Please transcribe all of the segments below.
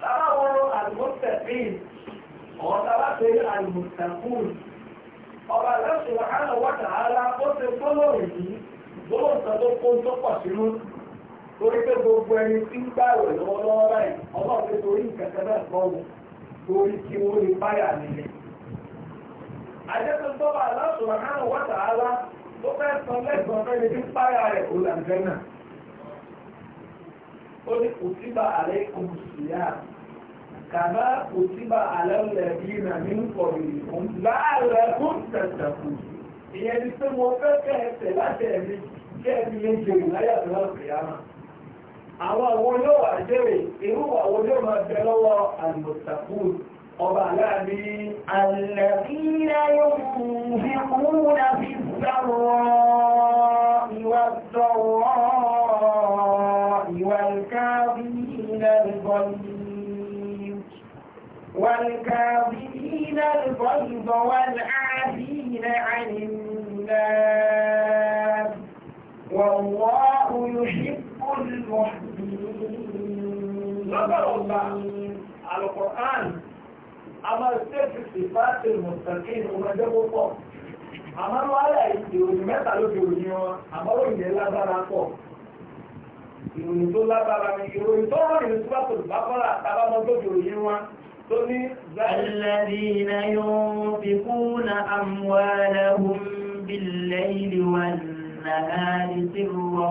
Tàbá wọn àlùmọ́tẹ̀fín, ọba ara Torí pé gbogbo ẹni tí ń gbà rẹ̀ lọ́wọ́lọ́wọ́ báyìí, ọlọ́run pé torí nǹkan kan náà torí kí báyà nílẹ̀. ara tó fẹ́ ó ní kùtìbà àlẹ́ kùmùsùlá kàbá kùtìbà àlẹ́ lẹ́bí nà ní nkọ̀rọ̀ ìfún láàrẹ̀ fún tẹ̀tẹ̀kù ìyẹn ni pé mo fẹ́ kẹ́ẹ̀tẹ̀ láti ẹ̀mí kẹ́ẹ̀mí lè jèrè láyà tó wà kìyàmà àwọn àwọn yóò wà jèrè irú àwọn yóò máa bẹ lọ́wọ́ àlùmọ̀tàkù ọba aláàbí. الذين ينفقون في السراء والضراء والكاظمين الغيظ والكاظمين الغيظ والعافين عن الناس والله يحب المحبين. نظر الله على القرآن أما السيف صفات المستقيم وما جابوا فوق àmọ́ wọ́n á الدنيا ìròyìn mẹ́ta ló ìròyìn tó lágbára ni ìròyìn tó wọ́n ìròyìn tó bá tó bá tó fi òyìn wọn tó ní الذين ينفقون أموالهم بالليل والنهار سرا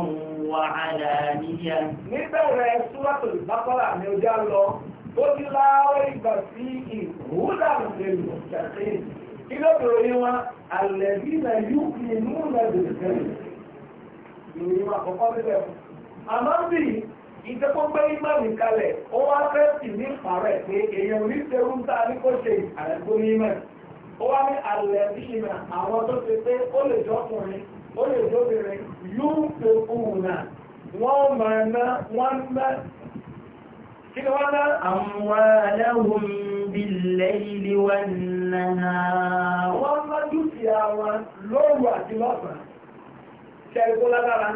وعلانية níbẹ̀rẹ̀ súwátò ìbákọ́lá ni ó já lọ tó ti láwọ́ ìgbà sí ìhúdà lèlò ṣàtẹ́ àmọ́ bí ìjẹ́ tó gbé ìmọ̀nì kalẹ̀ ó wá fẹ́ sì ní ìpàrẹ̀ pé èèyàn ní serú ń ta ní kó ṣe àrẹ̀gbó ní ìmọ̀ ó wá ní alẹ́ bí ìmọ̀ àwọn tó ṣe pé ó lè jọkùnrin ó lè jóbìnrin yóò fi kùn wọ́n máa ná wọ́n ná kí ni wọ́n ná. àmúwáláhùn bílẹ̀ẹ́lì wọn náà. wọ́n máa dúkìá wọn lóru àti lọ́sàn-án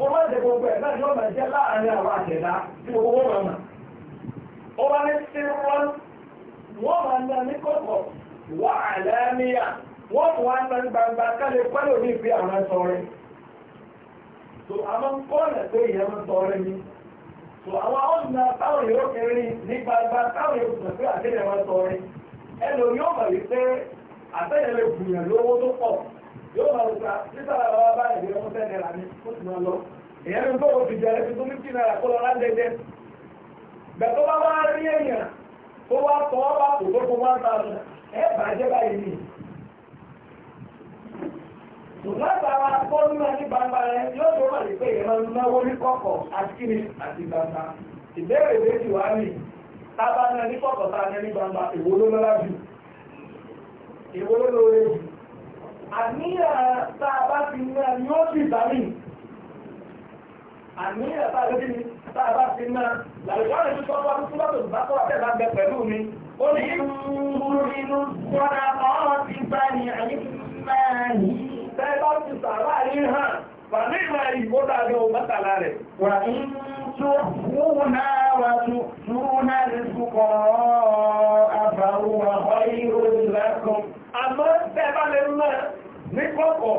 o ma ṣe gbogbo ẹ̀ náà yóò máa jẹ́ láàárín àwọn àtẹ̀dá tí gbogbo wọn mà ó ní sí wọn isi máa ń ní kọ̀kọ̀ wọ́n àlàáníyà wọ́n tún wá ń lọ gbangba kálẹ̀ pẹ́lú ní ìpín àwọn ẹ̀sọ́ rẹ̀ tó àwọn kọ́ọ̀nà pé ìyẹn sọ ni tó àwọn ọ̀nà táwọn yóò kiri ní gbangba táwọn yóò sọ pé sọ mọ̀ wípé lè gbìyànjú owó tó pọ̀ yóò máa wùkà títà àwọn bá ìwé ọmọ tẹ́ náírà ní ó sì máa lọ èèyàn ní bọ́ọ̀ fi jẹ́rẹ́ fi tó ní kí náírà kó lọ rán dẹ́dẹ́ bẹ́ẹ̀ tó bá wá rí èèyàn tó wá tọ́ wá kò tó kó wá ta lọ ẹ bàjẹ́ báyìí ni ṣùgbọ́n àtàwọn akọ́ni náà ní gbangba rẹ yóò tó wà ní pé èèyàn máa náwó ní kọ̀kọ̀ àti kíni àti gbangba ìbéèrè méjì wá ní tábà náà tá a ní ní gbangba ìwó ló lọ́lá jù ìwó ló àníyàn tá a bá ti ná ni ó sì bá mi àníyàn tá a lókè ni tá a bá ti ná làlùkọ́ rẹ̀ tó tọ́jú ọdún túbọ̀ tó bá tó àtẹ̀ bá bẹ pẹ̀lú mi ó ní ìrúnú sọ́dà ọ́ ti bá ní àyíkú máa bẹ́ẹ̀ bá ti sàrà yín hàn. Bàbá ìwà ìgbódà rẹ̀ ò mẹ́tàlá rẹ̀. Wà ń tó fúnà wà tó fúnà lẹ́sùkọ̀ àbáwọ̀ ọ̀yọ́ ìlẹ́kùn. Àmọ́ tẹ́bá lè mọ́ ní kọ́kọ̀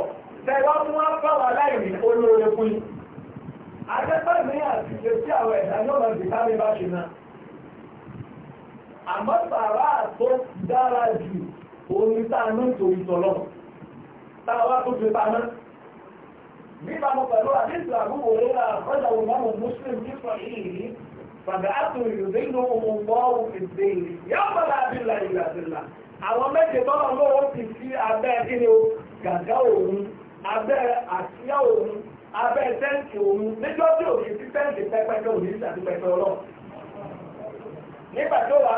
tẹ́wọ́ mú wá fáwà láìrí olóore fún yìí. Adẹ́pẹ́ ní àti ìṣesí àwọn ẹ̀dá yóò máa bìí sáré bá ṣe tó dára jù omi tá a ní tòun tó fi pamọ́ níbàmú pẹ̀lú àdéhùn àbúrò rẹ̀ àgbọ́dọ̀ ìmọ̀mù muslim nípa yìí fàgbàtò ìrùbínú ọmọọ̀wọ̀ ìdè yóò bọ̀lá abílà ìgbàdìlà àwọn méje bọ́lá lọ́wọ́ ti fi abẹ́ kíni o gàgá òun abẹ́ àṣíyá òun abẹ́ tẹ́ǹkì òun níjọ́ tí òun ti tẹ́ǹkì pẹ́pẹ́kẹ́ òun ní ìsàdúpẹ́kẹ́ ọlọ́ nígbà tó wàá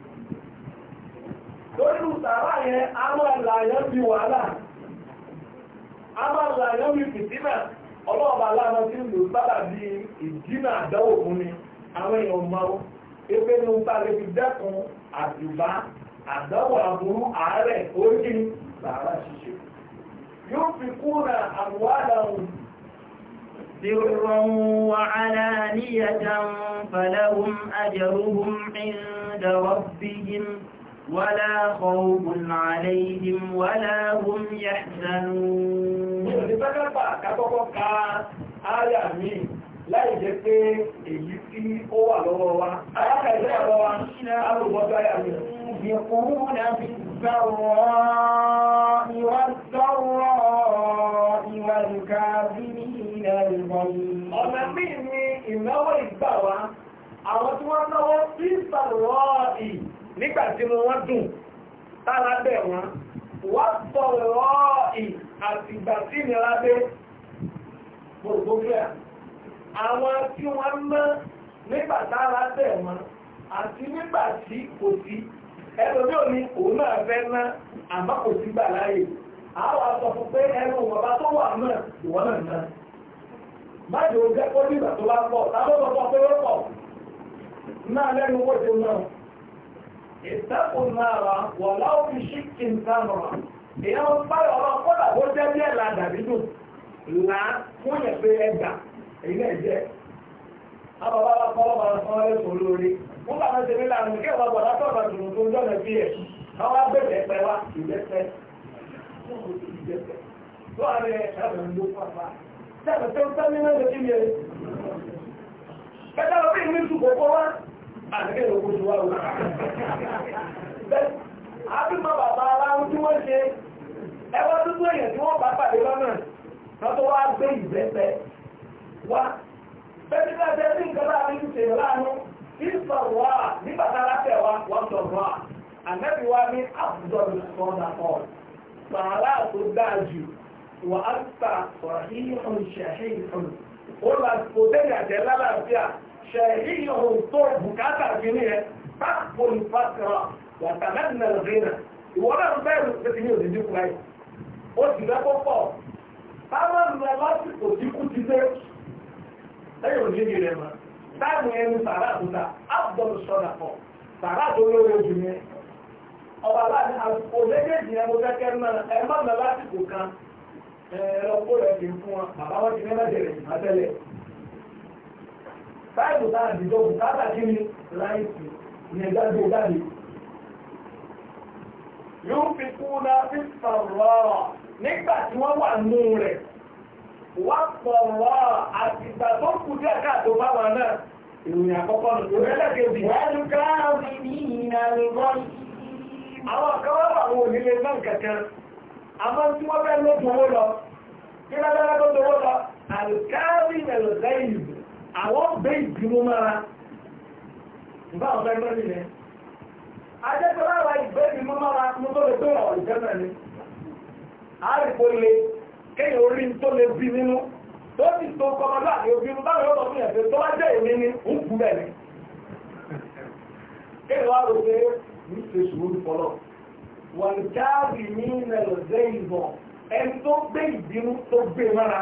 lórí ìtàrà yẹn a máa làyàn bí wàhálà a máa làyàn bí fìtínà ọlọ́ọ̀bà aláàmọ́ tí lò sábà bí ìdínà fún ni àwọn èèyàn ebe ní ọba lè fi dẹ́kun àdùbá àdánwò àbúrú àárẹ̀ orí làárá ṣíṣe yóò fi kúrò àwọn سرا وعلانية فلهم أجرهم عند ربهم ولا خوف عليهم ولا هم يحزنون láì jẹ́ pé èyí tí ó wà lọ́wọ́ wa alákàíṣẹ́ àwọ́ wa alùgbọ́dọ̀ ayà mi yẹ̀kùnrù náà fi gbàwọ́ ìwà gbàwọ́ ìwà ìka bí ní ilẹ̀ ìbọn ọ̀nà mí ni ìnáwó ìgbà wa àwọn tí wọ́n náwó ìgbàwọ́ ì nígbà tí mo wọ́n dùn tára bẹ̀ wọ́n wá sọ̀rọ̀ ì àtìgbà tí ìnira lábẹ́ gbogbo àwọn tí wọ́n mọ́ nígbà tára bẹ̀ àti nígbà tí kò sí ẹlòmí ò òun náà fẹ́ ná kò sí gbà àwọn fún pé ẹnu tó wà náà náà jẹ́ kó nígbà ìtẹ́kùn náà rà wọ̀ láwọn fi ṣí kí n sáàmù rà èèyàn ń bá ọ̀rọ̀ kọ́dà bó jẹ́ bí ẹ̀là dàbídù là á fún yẹn pé ẹgbà èyí náà jẹ́ àbàbà wa kọ́ ọ̀bà sọ ẹ̀ sọ lórí wọ́n bá wọn ṣe ní lànà kí ọ̀bà bọ̀dá tó ọ̀bà tòun tó jọ́nà bí ẹ̀ àwọn abẹ́rẹ́ ẹ̀pẹ́ wa ìjẹ́pẹ́ tó àrẹ ẹ̀rọ ló pàpà sẹ́ẹ̀tẹ̀ tó ń tẹ́lẹ̀ àgbẹ̀rẹ̀ owó ti wá o. àbímọ bàbá aláwọ̀ tí wọ́n ṣe ẹwọ́ dúdú èèyàn tí wọ́n bá pàdé lọ́nà lọ́tọ́ wá gbé ìbẹ́pẹ wá bẹ́ẹ̀ni náà jẹ́ sí nǹkan láàrin ti ṣe láàánú ìsọ̀ wá nígbà tá a láfẹ̀ wá wọ́n sọ̀ wá àmẹ́bí wá ní àbùdọ̀ ìsọ̀nà ọ̀ sàárà tó dáa jù wà á ta sọ̀rọ̀ yíyún ṣẹ̀ṣẹ̀ ìfún ó là kò dé ìyàjẹ́ lálàáfíà ṣẹ̀rí ohun tó bùkátà sí ní ẹ táàpù ìfàsìrà wàtàlẹ́nà rìnà ìwọ́n náà bẹ́ẹ̀rù pé ti ní òdìdí kúrẹ́ yìí ó sì fẹ́ kó pọ̀ táwọn ń lọ lásìkò tí kú ti dé lẹ́yìn òdìdí rẹ̀ mọ́ táàmù ẹni sàrà àbúta ábùdọ́lù sọ́nà pọ̀ sàrà tó lóore jù ní ọba láti àsìkò méjèèjì ẹmu kẹ́kẹ́ ẹ má lọ lásìkò kan ẹ̀ẹ́dọ́gbó rẹ̀ kì í fún wọn bàbá wọn ti ní báyìí bá àdìjọ kò káàbà kí ni láìsí ìyẹn jáde jáde yóò fi kú ná fi sọ̀rọ̀ nígbà tí wọ́n wà nù rẹ̀ wá sọ̀rọ̀ àtìgbà tó kù díẹ̀ káàtó bá wà náà ìròyìn àkọ́kọ́ nù tó rẹ́lẹ̀ kejì. wọ́n ká omi ní ìnáwó bọ́ọ̀lù. àwọn kan wá wà wọn ò àwọn bẹ́ ìgbìmọ̀ mara nígbà àwọn bẹ́ẹ̀ mọ́rin ni ajẹ́tọ́ lára ìgbẹ́ ìgbìmọ̀ mara mú tó lè tó ọ̀rọ̀ ìjẹ́mẹ̀ ni àárìkò le kéèyàn orí tó lè bí nínú tó sì tó kọmọdé àti obìnrin báwọn yóò tọ́jú ẹ̀fẹ́ tó wá jẹ́ èmi ni ń kú bẹ̀ ni kéèyàn wá rò pé ní ṣe sùúrù fọlọ́ wọ̀n káàbì ní nàìjíríà ẹni tó gbé ìbínú tó gbé mọ́ra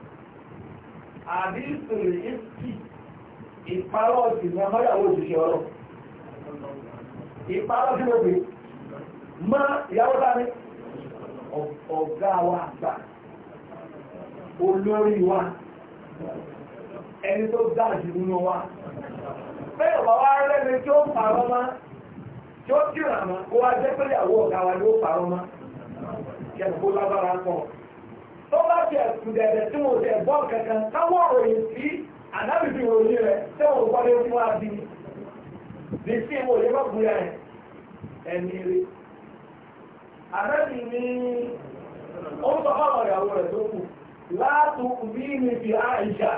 àbí ìpèrè ìsì ìparọ́ ti ní amáyàwó òṣìṣẹ́ ọ̀rọ̀ ìparọ́ tí mo má ìyàwó sáré ọ̀gá wa àgbà olórí wa ẹni tó dáàjì nínú wa bẹ́ẹ̀ ọ̀bá wa rẹ́ni tí ó parọ́ má tí ó wá tó bá jẹ́ ẹ̀kùdẹ̀ẹ̀dẹ̀ tí mo kankan táwọn òròyìn sí rẹ̀ tí wọ́n gbọ́dé fún wa bí bí sí mo lè má gbúra ẹ̀ ẹ̀mí rí ní ó ń sọ fáwọn ìyàwó rẹ̀ tó kù látò bí mi fi àìṣà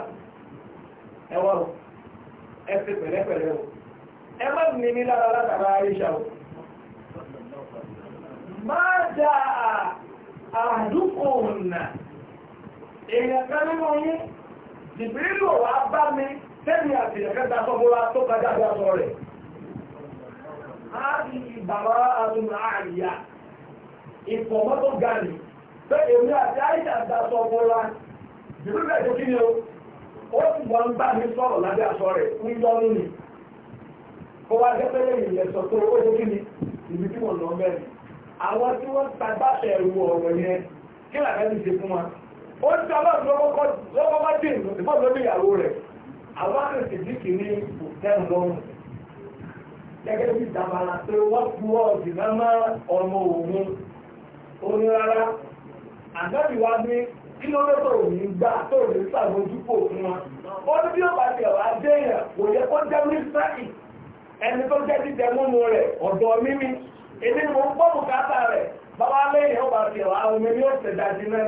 ẹ o ẹ má ní o dáa èèyàn kan nínú yín jìbìrìlù wà bá mi tẹ́lẹ̀ àti sọ́bọ́lá tó kájá bí aṣọ rẹ̀ á di ìbàbá àríyá ìfọ̀mọ́ tó ga nì pé èmi àti àìsà da sọ́bọ́lá jìbìrìlù ẹ̀ o ó sì bá mi lábẹ́ aṣọ rẹ̀ ń yọ nínú kó wá ibi tí lọ mẹ́rin àwọn tí wọ́n ẹ̀rù ọ̀rọ̀ yẹn kí ó ń tọ́ ọlọ́run lọ́wọ́ bá dé ìbọn lórí ìyàwó rẹ̀ àwọn àrètè bí kì ní òtẹ́rùn lọ́rùn gẹ́gẹ́ bí dàbàrà pé wọ́n bu ọ̀dì mẹ́mọ́ ọmọ òun oní rárá àgbẹ̀bí wa ní kí ló ló tó òní gbà tó òní sàmójúpò fún wa ó ní bí ó bá tẹ̀ wá dé yẹn kò yẹ kó jẹ́ mísírì ẹni tó jẹ́ jíjẹ múmu rẹ̀ ọ̀dọ̀ mímí èmi ni mo ń gbọ́ bùkátà rẹ̀ bàbá lẹ́yìn ó bá tẹ̀ wá omi ni ó tẹ̀ dájú náà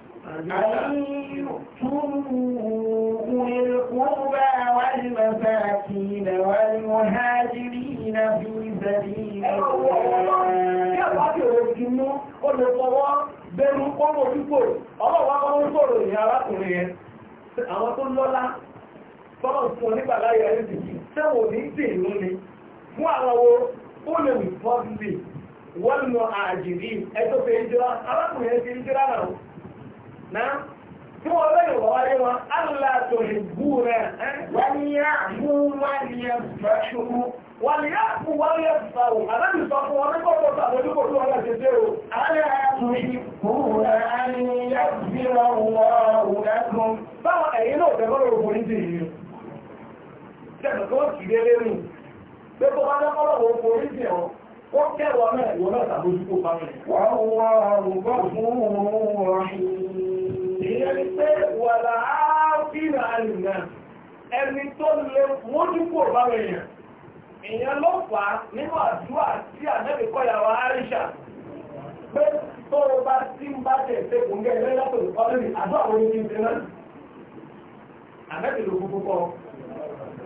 أن tó ní ẹjọ́ fẹ́ ìjọra arákùnrin náà tí wọ́n lẹ́yìn wọ́n wáyé wọn aláàtò ìbú rẹ̀ wọ́n yá mú wọ́n yẹ fẹ́ṣubú wọ́n yá mú wọ́n yẹ fàwù aláàbì sọ fún wọn ní kókó sàbójúkò tó wọn ṣe dé o. aláàtò ìbú rẹ̀ aníyá bí wọ́n wọ́n lẹ́kùn. wọ́n wọ́n wọ́n ìyẹn ni pé wà láàáfíà àlùmá ẹni tó lè mójúkò báwọn èèyàn ìyẹn ló fà á nínú àdúrà tí ànábì kọ́yà wa àríṣà pé tó o bá tí ń bá tẹ̀ ṣe kò ń gẹ́ ẹgbẹ́ látò ọdún ní àdúrà orí ti ń ṣe náà ànábì ló kúkú kọ́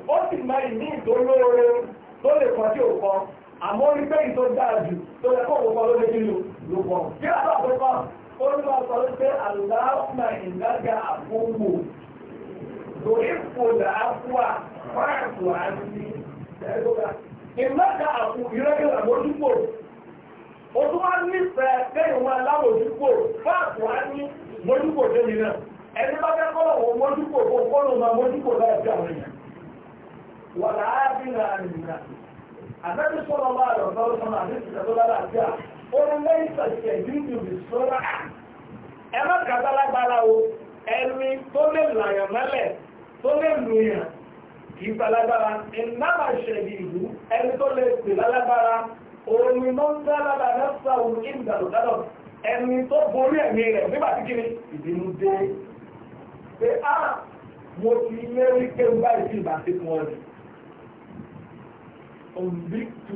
ó sì máa ìní ìdólóore tó lè kọ́ tí ò kọ́ àmọ́ orí pé ìtó dáa tó yẹ kó òun kọ́ ló lé kí ló kọ́ kí ó ní wọ́n sọ wípé àlùdáwọ̀nà ìdájà àfúnwò lórí ìfòlà àfúà fáàtù àti ẹgbẹ́gbà ìmọ̀ta àfù ìrẹ́gbẹ̀rẹ̀ àmójúkò ó tún wá nífẹ̀ẹ́ lẹ́yìn wọn aláwòjúkò fáàtù àti mójúkò tẹ́mi náà ẹni bá fẹ́ kọ́lọ̀ wọn mójúkò kó kọ́lọ̀ máa mójúkò láti àwọn èèyàn wà láàbí náà nìyà àtẹ́bí sọ́lọ́ bá àlọ́ orin lẹ́yìn sọ̀tẹ̀ yíyù ìṣọ́ra ẹ má kàtà lágbára o ẹni tó lè làyàn mẹ́lẹ̀ tó lè lùyàn kì í falágbára ìnáwà ṣẹ̀lẹ̀ ìlú ẹni tó lè pè lálágbára orin ló ń dá lára lẹ́sà òun ìdàlùdàlọ̀ ẹni tó borí ẹ̀mí rẹ̀ nígbà tí kiri ìbínú dé pé a mo ti lérí kéwú báyìí sí ìbáṣepọ̀ ọ̀dì òǹbí tù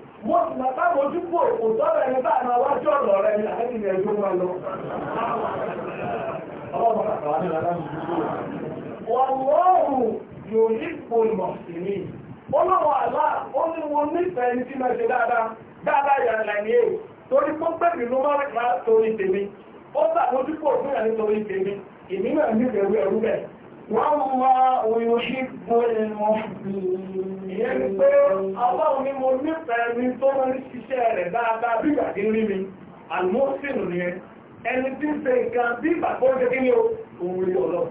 mo sì máa mojú kó òkú sọ́dọ̀ ẹni bá àwọn awájú ọ̀dọ̀ rẹ ní àkẹ́kẹ́ ilẹ̀ ẹjọ́ máa lọ. Wàlọ́ọ̀rù yóò ní ìpolùmọ̀ sí mi. Olówó àlá, ó ní mo nífẹ̀ẹ́ ní tí máa ṣe dáadáa, dáadáa èè, torí pọ́ pẹ̀lú ló máa rẹ̀ torí tèmi. Ó sàmójúkò fún ìyàní tèmi, bẹ́ẹ̀. Wallahu yuhibbul muhsinin. Ìyẹn pé Ọlọ́run ni mo nífẹ̀ẹ́ mi tó ń ṣiṣẹ́ rẹ̀ dáadáa bí ìgbàdí rí mi, àlùmọ́sìnù ni ẹ. Ẹni tí ń ṣe nǹkan bí ìgbà tó ń ṣe kí ni o, òun rí Ọlọ́run.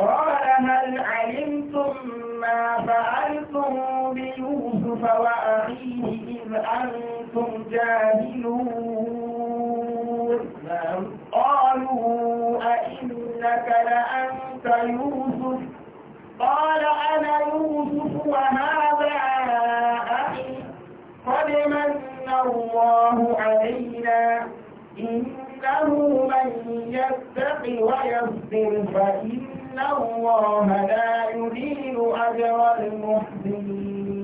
Ọ̀rọ̀ hal alimtum ma fa'altum bi Yusuf wa akhihi idh antum jahilun. Qalu a in إنك لأنت يوسف قال أنا يوسف وهذا أخي قد من الله علينا إنه من يتق ويصبر فإن الله لا يدين أجر المحسنين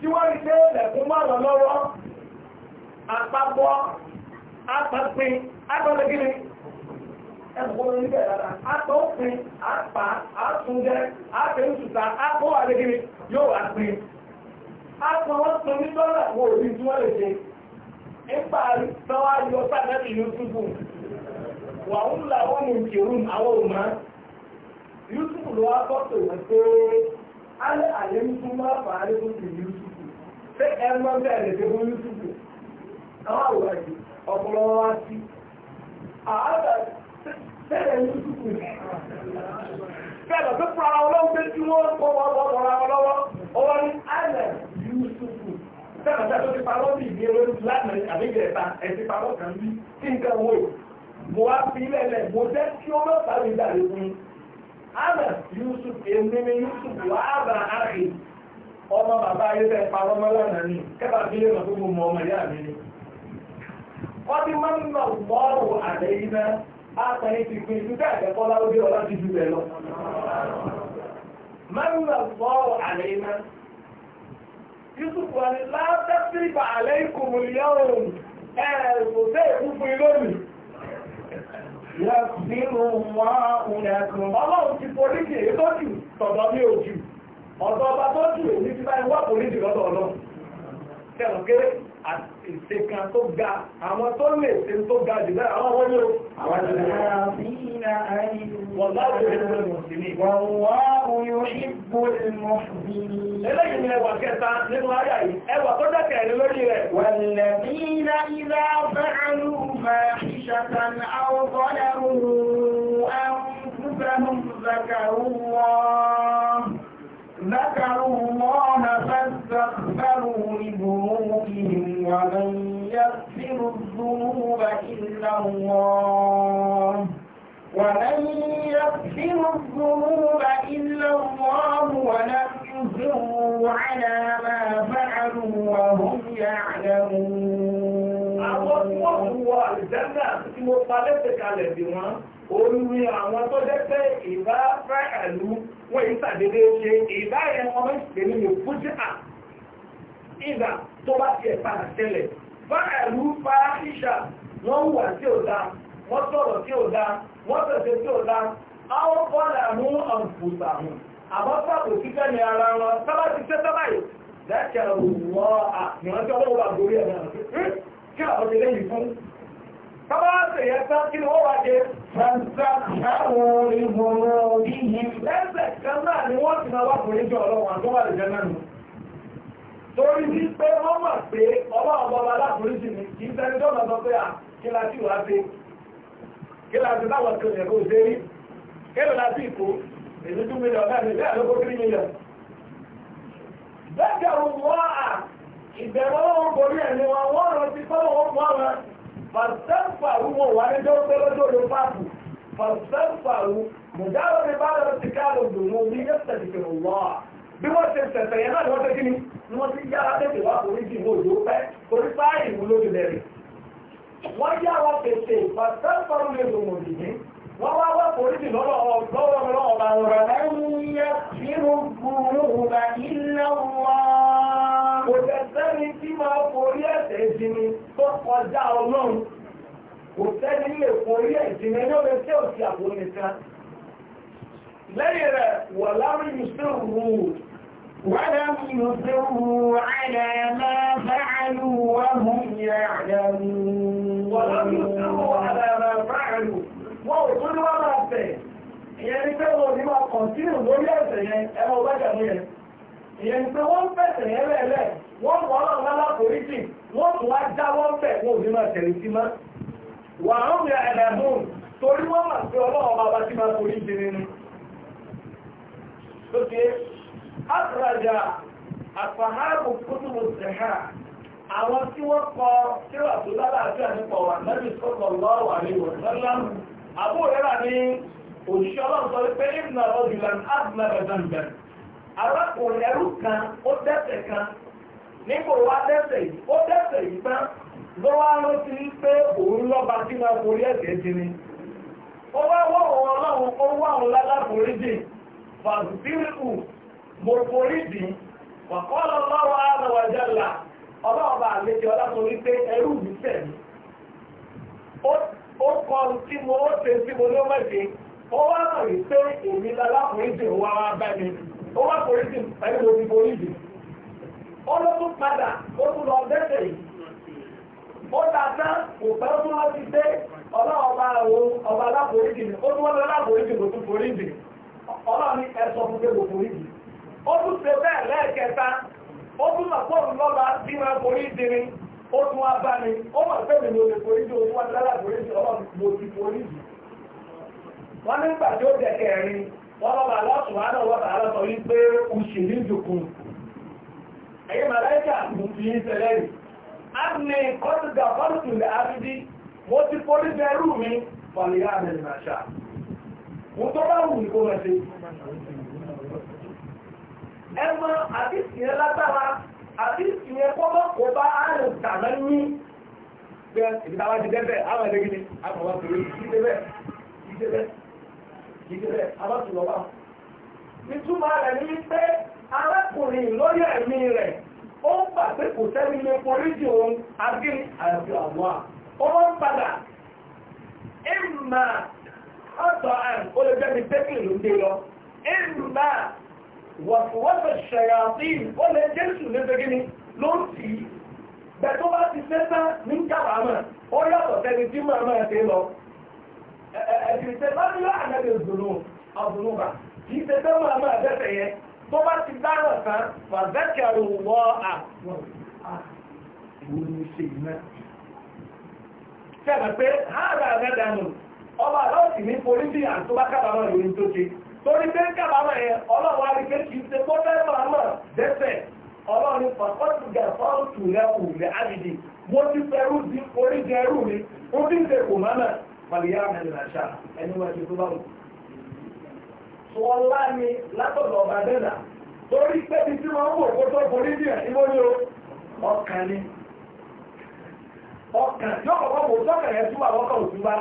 tí wọ́n rí pé ẹ̀kún márùn lọ́wọ́ àpapọ̀ apapin agbọ́lẹ́gírí ẹ̀kún oníbẹ̀ dáadáa atọ́pin apá atúnjẹ apẹ́sùta akọ́wàlẹ́gírí yóò wà pín apọ̀ wọ́n ní dọ́là wo òbí tí wọ́n lè ṣe nípa tọ́wá yọ sàtẹ́lì pé ẹ mọ́ bẹ́ẹ̀ lè fún yúsùfù àwọn àwòrán yìí ọ̀pọ̀lọ́ wá sí àádọ́ sẹ́yìn yúsùfù bẹ́ẹ̀ lọ pé fúnra wọn lọ́wọ́ pé tí wọ́n kọ́ wọn wọ́n kọ́ra wọn lọ́wọ́ ọwọ́ ní alẹ́ yúsùfù sẹ́yìn ọ̀sẹ̀ tó ti parọ́ bí ìdí ẹ̀rọ lánàá àbíjẹ̀ta ẹ̀ ti parọ́ kàn bí kí nǹkan wò mo wá fi lẹ́lẹ̀ mo jẹ́ kí ó mọ̀ sáré dàrí fún Ana Yusuf, èmi ni Yusuf, wàá bá àrè ọmọ bàbá ayébẹ̀ parọ́ mọ́lànà ní kẹ́bà bí lè mọ̀ tó mọ̀ ọmọ ìyá mi ni wọ́n ti máa ń lọ bọ́ọ̀rù àlẹ́ iná àtàrí ti pin ìlú dáàjẹ́kọ́lá ó dé ti jù bẹ̀ lọ máa ń lọ bọ́ọ̀rù àlẹ́ iná Yusuf wà ní látẹ́sílìbà àlẹ́ ìkùnmùlẹ̀ ọ̀rùn ẹ̀ẹ́dùsẹ́ ìkúfin lónìí Yàtìmù wá òun ẹ̀kùn. Ọlọ́run ti forí kìí tó ọ̀dọ́ ọba tó jù ní ti báyìí wà pòlìsì lọ́dọ̀ ọlọ́run kẹrùn kéré ìṣèkan tó ga àwọn tó lè ṣe tó ga jù lẹ́yìn àwọn wọ́n yóò àwọn ìṣẹ̀lẹ̀ wọ́n láti ṣe ìṣẹ̀lẹ̀ mùsùlùmí. wọ́n wá oyún ìbò ìmọ̀sùlùmí. eléyìí ni ẹwà kẹta nínú ayà yìí ẹwà tó jẹ́ kẹrin lórí rẹ̀. wẹ̀lẹ̀ bí iná ilá fẹ́ẹ́lú máa ń ṣàtàn àwọn ọ̀gọ́dẹ̀rù àwọn fúnfẹ́ ذكروا الله فاستغفروا لذنوبهم ومن يغفر الذنوب إلا الله ومن يغفر الذنوب إلا الله ولم يصروا على ما فعلوا وهم يعلمون. Àwọn tí wọ́n wọ àlùjá náà tí orí àwọn tó jẹ́ pé ìbá fẹ́ẹ̀lú wọ́n ìsàdédé ṣe ìbá ẹ̀yẹn ọmọ ìsìnkè ní lè fún jẹ́ à ìgbà tó bá ti ẹ̀pà àtẹ́lẹ̀ fẹ́ẹ̀lú fara ṣíṣà wọ́n wà tí ó dá wọ́n sọ̀rọ̀ tí ó dá wọ́n tẹ̀sẹ̀ tí ó dá àwọn bọ́ọ̀lù àmú ọ̀nfùsà hù àmọ́ sábò títẹ́ ní ara wọn sábà ti tẹ́ sábà yìí lẹ́kẹ̀ẹ́ Tọ́bọ́sẹ̀ yẹ tán kí ni wọ́n wá jẹ ṣàṣàṣàwò ìgbòrò ìhìn. Lẹ́sẹ̀ kan náà ni wọ́n ti máa wá kò ní jọ ọlọ́wọ̀n tó wà lè jẹ náà nù. Torí ní pé wọ́n mọ̀ pé ọba ọba aláforíṣì ni kì í sẹ́ni tó lọ sọ pé à kí la ti wá kí la ti táwọn kan kó ṣe rí. Kí ló la ti kó èmi tún mílíọ̀n náà ní bẹ́ẹ̀ Bẹ́ẹ̀ فاستغفروا وأنا جوز الرجل فاتوا فاستغفروا مجرد بعد ارتكاب الذنوب يستذكر الله bí wọ́n ṣe ṣẹ̀ṣẹ̀ yẹn náà ni wọ́n ṣe kí ni ni wọ́n ti yára tètè wá oríṣi ìwò òjò pẹ́ torí sáàyè ìwò lójú lẹ́rìí wọ́n yára tètè pàṣẹ́fọ́rù lè lòmò dìde wọ́n wá wá oríṣi lọ́wọ́ lọ́wọ́ lọ́wọ́ bá wọn rẹ̀. ẹ̀yin yẹ kí ló gbúrú wà nílẹ̀ wọ́n sẹ́ni tí máa forí ẹ̀ṣẹ̀ ìsinmi tó kọjá ọlọ́run kò sẹ́ni lè forí ẹ̀ṣinmi ní omi tí ò sí àbò nìkan lẹ́yìn rẹ̀ wọ̀ láwọn ìṣẹ́ òru ولم يصروا على ما فعلوا وهم يعلمون ولم يصروا على ما فعلوا wọ́n ò tún ní wọ́n máa tẹ̀ ìyẹn ní pé wọ́n ní máa kọ̀ntínù lórí ẹ̀ṣẹ̀ yẹn ẹ̀rọ bá jàmú yẹn ìyẹn pé wọ́n fẹ̀sẹ̀ yẹn lẹ́ẹ̀lẹ́ wọ́n wọ́n lọ ńlá lápòríjì wọ́n tún wá já wọ́n fẹ̀ wọ́n ò ní máa tẹ̀lé sí mọ́ wà á ń ya ẹ̀dà mún torí wọ́n mà sí ọlọ́run máa bá sí máa foríjì nínú tó ti àtúrajà àfàhàbù kútùbù sẹ̀hà àwọn tí wọ́n kọ síwà tó lálàáfíà nípa wà lẹ́bí sọ́kọ̀ lọ́wọ́ àríwọ̀ sọ́lám arákùnrin ẹrú kan ó dẹ́ṣẹ̀ kan nígbò wá dẹ́ṣẹ̀ yìí ó dẹ́ṣẹ̀ yìí tán ló wá rántí pé òun lọ́ba tí máa forí ẹ̀ṣẹ̀ jì ni ó wá wọ́ òun ọlọ́run ó wá òun wàkọ́lọ́ lọ́wọ́ ọlọ́ọ̀bà àlejò pé ẹrú mi tẹ̀lé ó tí mo ó ṣe mo ló ó wá mọ̀ wípé èmi ó wá forí sí ẹni mo ti forí jù ó ló tún padà ó tún lọ dẹ́sẹ̀ yìí ó dáadáa kò pẹ́ ó tún lọ sí dé ọlọ́ọ̀ba àwọn ọba aláforíjì ni ó tún wọ́n lọ aláforíjì kò tún forí jù ọlọ́ọ̀ni ẹ̀sọ́ fún pé kò forí jù ó tún ṣe bẹ́ẹ̀ lẹ́ẹ̀kẹta ó tún mọ̀ fóònù lọ́ba bí wọn forí jù ni ó tún wá bá mi pé mi ló lè forí jù ó tún wá ọlọ́ọ̀ni mo ti forí jù nígbà tí ó jẹ kẹrin lọ́wọ́ bá lọ́tù wá náà wọ́n tààrà sọ wípé òṣèlú ìjòkun ẹ̀yẹ màláìkà ló fi ń ṣẹlẹ̀ rí a ní kọ́tùgà kọ́tù lè àrídí mo ti forí bẹ̀rù mi pàlìyà àmì àṣà mo tó bá wù ní kó mẹ́ sí ẹmọ àdìsí yẹn látara àdìsí yẹn kọ́mọ́ kó bá àrùn tàbí ní bẹ́ẹ̀ ìdáwájú dẹ́bẹ̀ àwọn ẹ̀dẹ́gidi àwọn ọmọ ìdílé aláṣùlọ́wà ìtumọ̀ rẹ̀ ní pé arákùnrin lórí ẹ̀mí rẹ̀ ó ń gbà pé kò sẹ́ni lè foríjì òun agí àti àwọn ó ń padà ìmà ọ̀tọ̀ àn ó lè jẹ́ ní pẹ́kì ló dé lọ ìmà wọ̀fọ̀wọ́fọ̀ ṣẹ̀yàtì ó lè jésù ní pẹ́kì ló ń tì í bẹ̀ tó bá ti sẹ́sán ní kábàámà ó yàtọ̀ sẹ́ni tí màmá ẹ̀ ẹ̀ẹ́dìrìtẹ́ bá ní láàrín ẹgbẹ̀rún dùnú ọdúnú bá kì í ṣe pé máa máa dẹ́sẹ̀ yẹn tó bá ti dáná tán wà zẹ́kẹ̀rù wọ́ à wọ́n ní ṣe iná. Ṣẹ̀rẹ̀ pé hàrà rẹ̀ dànù ọba lọ́sì ní forí bí à ń tó bá kábàámọ̀ lórí tó ṣe torí pé kábàámọ̀ yẹn ọlọ́run á rí pé kì í ṣe pé fẹ́ máa mọ̀ dẹ́sẹ̀ ọlọ́run pàtàkì gà fọ́ọ̀tù rẹ̀ òwúrẹ̀ ábìdì mo ti fẹ́rù di orí jẹ́rù mi ó ti ń ṣe kò máa náà pàlìyà àmẹ́lẹ̀ àṣà ẹni wọ́n ti tó bá wù. sọ ọlá ni látọ̀dọ̀ ọba dẹ́dà torí pé ti tí wọ́n wò kó tó borí díẹ̀ ní wọ́n ní o ọkàn ni ọkàn tí ọkọ̀ kọ̀ wò sọ́kàn yẹn túbà lọ́kàn òtún bá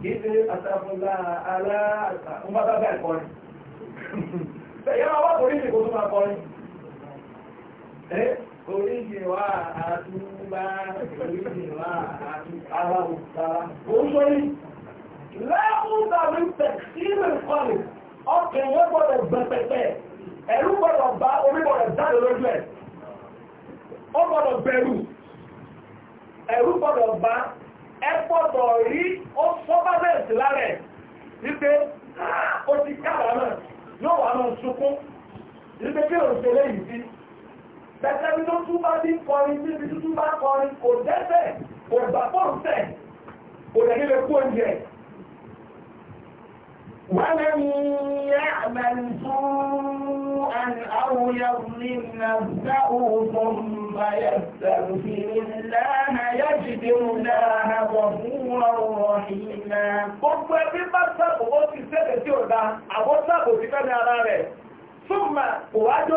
kì í ṣe àtàkùnlá alá àtàkùnbábá bẹ́ẹ̀ kọrin bẹ́ẹ̀ yẹn máa wá borí ìṣèkó tó máa kọrin oríṣi wà àtúbá oríṣi wà àtúbá òṣàlá òṣèlú lẹ́kùn tàbí tẹ̀sílì kọlù ọkẹ̀ wọ́n gbọ́dọ̀ gbẹ̀pẹ̀pẹ̀ ẹ̀rú gbọ́dọ̀ bá omi gbọ́dọ̀ jáde lójú ẹ̀ ó gbọ́dọ̀ bẹ̀rù ẹ̀rú gbọ́dọ̀ bá ẹ gbọ́dọ̀ rí ó sọ́bàbẹ̀sì lára ẹ̀ wípé ó ti kára náà yóò wà náà sunkún wípé kí òṣèlú yìí sí bẹ̀tẹ̀ bí tó tún bá ti kọrin sí ibi tuntun bá kọrin kò dẹ́sẹ̀ kò gbà kò dẹ̀ nílé kú oúnjẹ. ولن يعمل سوءا أو يظلم نفسه ثم يستغفر الله يجد الله غفورا رحيما. Gbogbo ẹbí bá sábò ó ti sẹ́lẹ̀ tí ò dá, àbọ̀ sábò ti fẹ́ ní ara rẹ̀. Súnmà, òwájú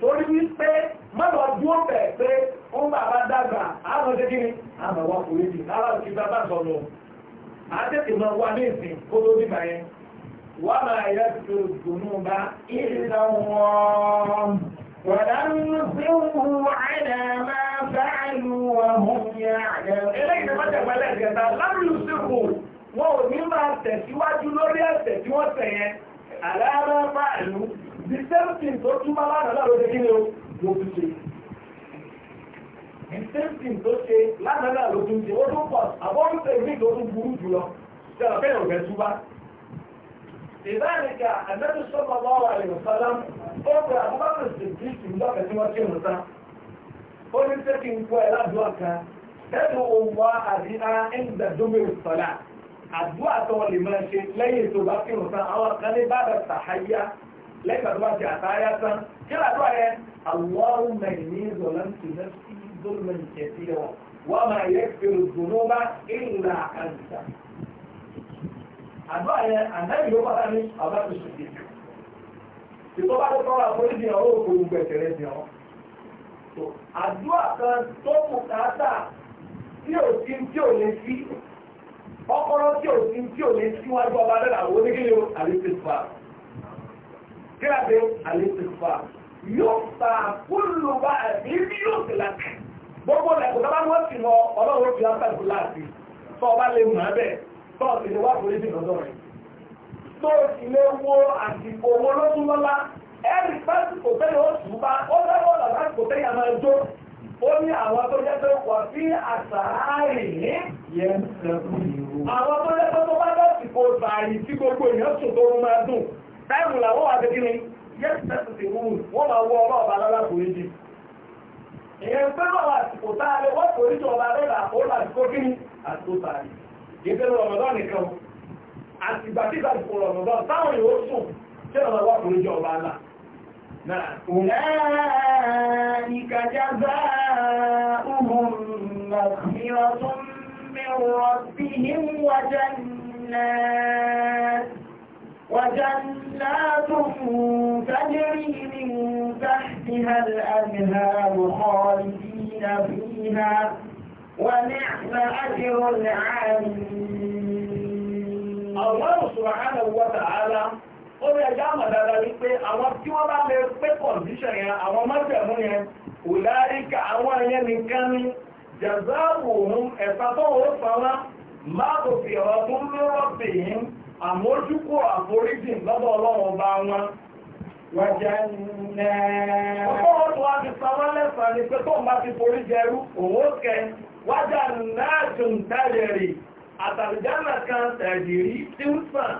torí wípé mọ́lọ̀ dúró bẹ̀ pé ó ń bàbá dàgbà àwọn ṣe kí ni kò wà ní ìsìn kó wà máa yẹ tó dùnú bá wọ́n sí máa yẹn the same thing tó túmọ̀ lánàá náà ló ṣe kí ni o ló tún ṣe the same thing tó ṣe lánàá náà ló tún ṣe ó tún pọ̀ àbọ̀ ń pè mí tó tún burú jùlọ ṣe àbẹ́yẹ̀ òfẹ́ túbá. لذلك النبي صلى الله عليه وسلم ọ̀pọ̀ àbúbáwò ṣèjì ìlọ́pẹ̀ tí wọ́n kírun tán ó ní pé kí n kọ́ ẹ ládùúgbò kan tẹ́lú òwò àdínà ẹ̀ǹdà dómìnì sọ́lá àdúrà tó lè máa ṣe lẹ́yìn tó bá kírun tán àwọn kan ní bá bẹ̀ sàháyà lẹ́gbàá tó bá ti àtàyà tán kí làdúrà yẹn Allahumma inni zalamtu nafsi zulman katira wa ma yaghfiru dhunuba illa anta àdúrà yẹn ànáyì ló bára ní ọba tó ṣe kéèké ìtọ́ bá tó tọ́ra àforíjì ọ̀rọ̀ òkú gbogbo ẹ̀tẹ̀rẹ̀ jẹ ọ́ àdúrà kan tó kù káàtà kíláàbẹ̀ àlẹ́sìnfà yóò ta kúlù bá ẹ̀mí yóò ti làkì gbogbo lẹ́kùn tó bá wọ́n ti mọ ọlọ́run fi ápẹ́ ìlú láti tó ọba lè mọ̀ ẹ́bẹ̀ tó ọ̀sìn ni wà fúnlé sí lọ́dọ̀ rẹ̀ tó sì lè wo àsìkò owó lọ́dún lọ́lá ẹ̀rì pásìkò tẹ́lẹ̀ ó sùn bá ó lẹ́wọ́ ọ̀nà pásìkò tẹ́lẹ̀ àmọ́ ẹjọ́ ó ní àwọn tó jẹ́ pé wà sí àṣàárì ní àwọn tó jẹ́ pé tó bá lọ́sìkò sàárì tí gbogbo èèyàn sùn tó máa táìmù làwọn wà pé kí ni أولئك جزاؤهم مغفرة من ربهم وجنات وجنات تجري من تحتها الأنهار خالدين فيها ونعم أجر العالمين الله سبحانه وتعالى ó lè já mọ̀ wípé àwọn tí wọ́n bá lè pé kọ̀ǹdíṣàn yẹn àwọn mọ́tẹ̀mú yẹn kò láríkà àwọn ẹyẹ nìkan ní jàzáàbù òun ẹ̀fà tó wọ́n fọwọ́ kò fi ọ̀rọ̀ àmójúkò àforíjì lọ́dọ̀ ọlọ́run bá wọn wàjá náà ọgbọ́n tó wá ti ni pé tó ń ti forí jẹrú òwò kẹ wájà náà tún tẹ́lẹ̀ rè àtàlìjánà kan tẹ̀dìrí tí ń sàn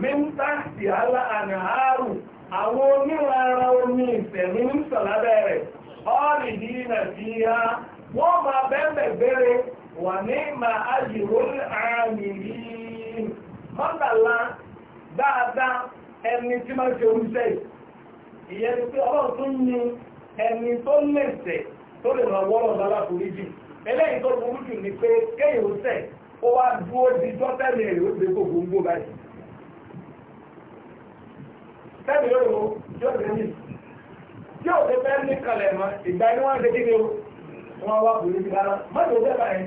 mímúta sí àlà àníhàárù àwọn onírànra omi ìfẹ̀mí ń sàn ọ́ọ̀lì dínà sí wọ́n máa bẹ́ẹ̀ wà ní mọ́tàlá dáadáa ẹni tí máa ṣe oúnjẹ ìyẹn ni pé ọlọ́run tó ń ní ẹni tó lẹ̀sẹ̀ tó lè ràn wọ́rọ̀ lọ́la foríjì eléyìí tó burú jù ni pé kéèyàn sẹ̀ ó wá dúó di tọ́tẹ́lì gbogbo báyìí tẹ́lẹ̀ yóò ro yóò lè ní tí ò fẹ́ ní kalẹ̀ mọ́ ìgbà ni wọ́n ń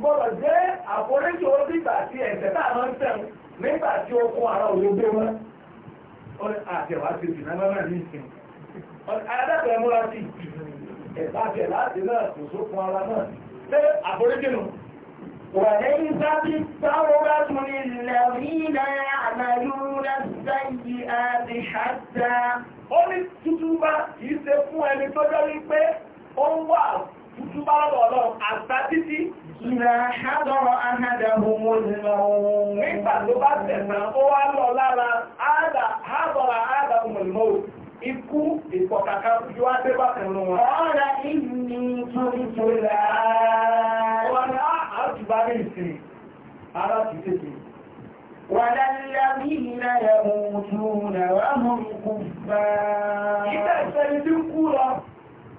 gbọ́dọ̀ jẹ́ àforíjì onígbà tí ẹ̀ṣẹ̀ tá a máa ń tẹ̀wọ̀n nígbà tí ó kún ara òye wọn. ó ní àtẹ̀wá ti dì náà náà ní ìsìn. adábẹ̀rẹ̀ múra sí ẹ̀bá láti náà kò sókun ara náà. ṣé àforíjì nù. وليس بالثورة للذين يعملون السيئات حتى ó ní tútúbá kìí ṣe fún ẹni tó jẹ́ wípé ó ń wà túbárọ̀lọ̀ ọlọ́run àgbà títí ikú ìpọ̀kàkà yóò á dé tẹ̀lú wọn. ọ̀rọ̀ ìní tuntun rà á. wọ́n ní ah, àtúbá ní ìsìn ara ti tètè. wà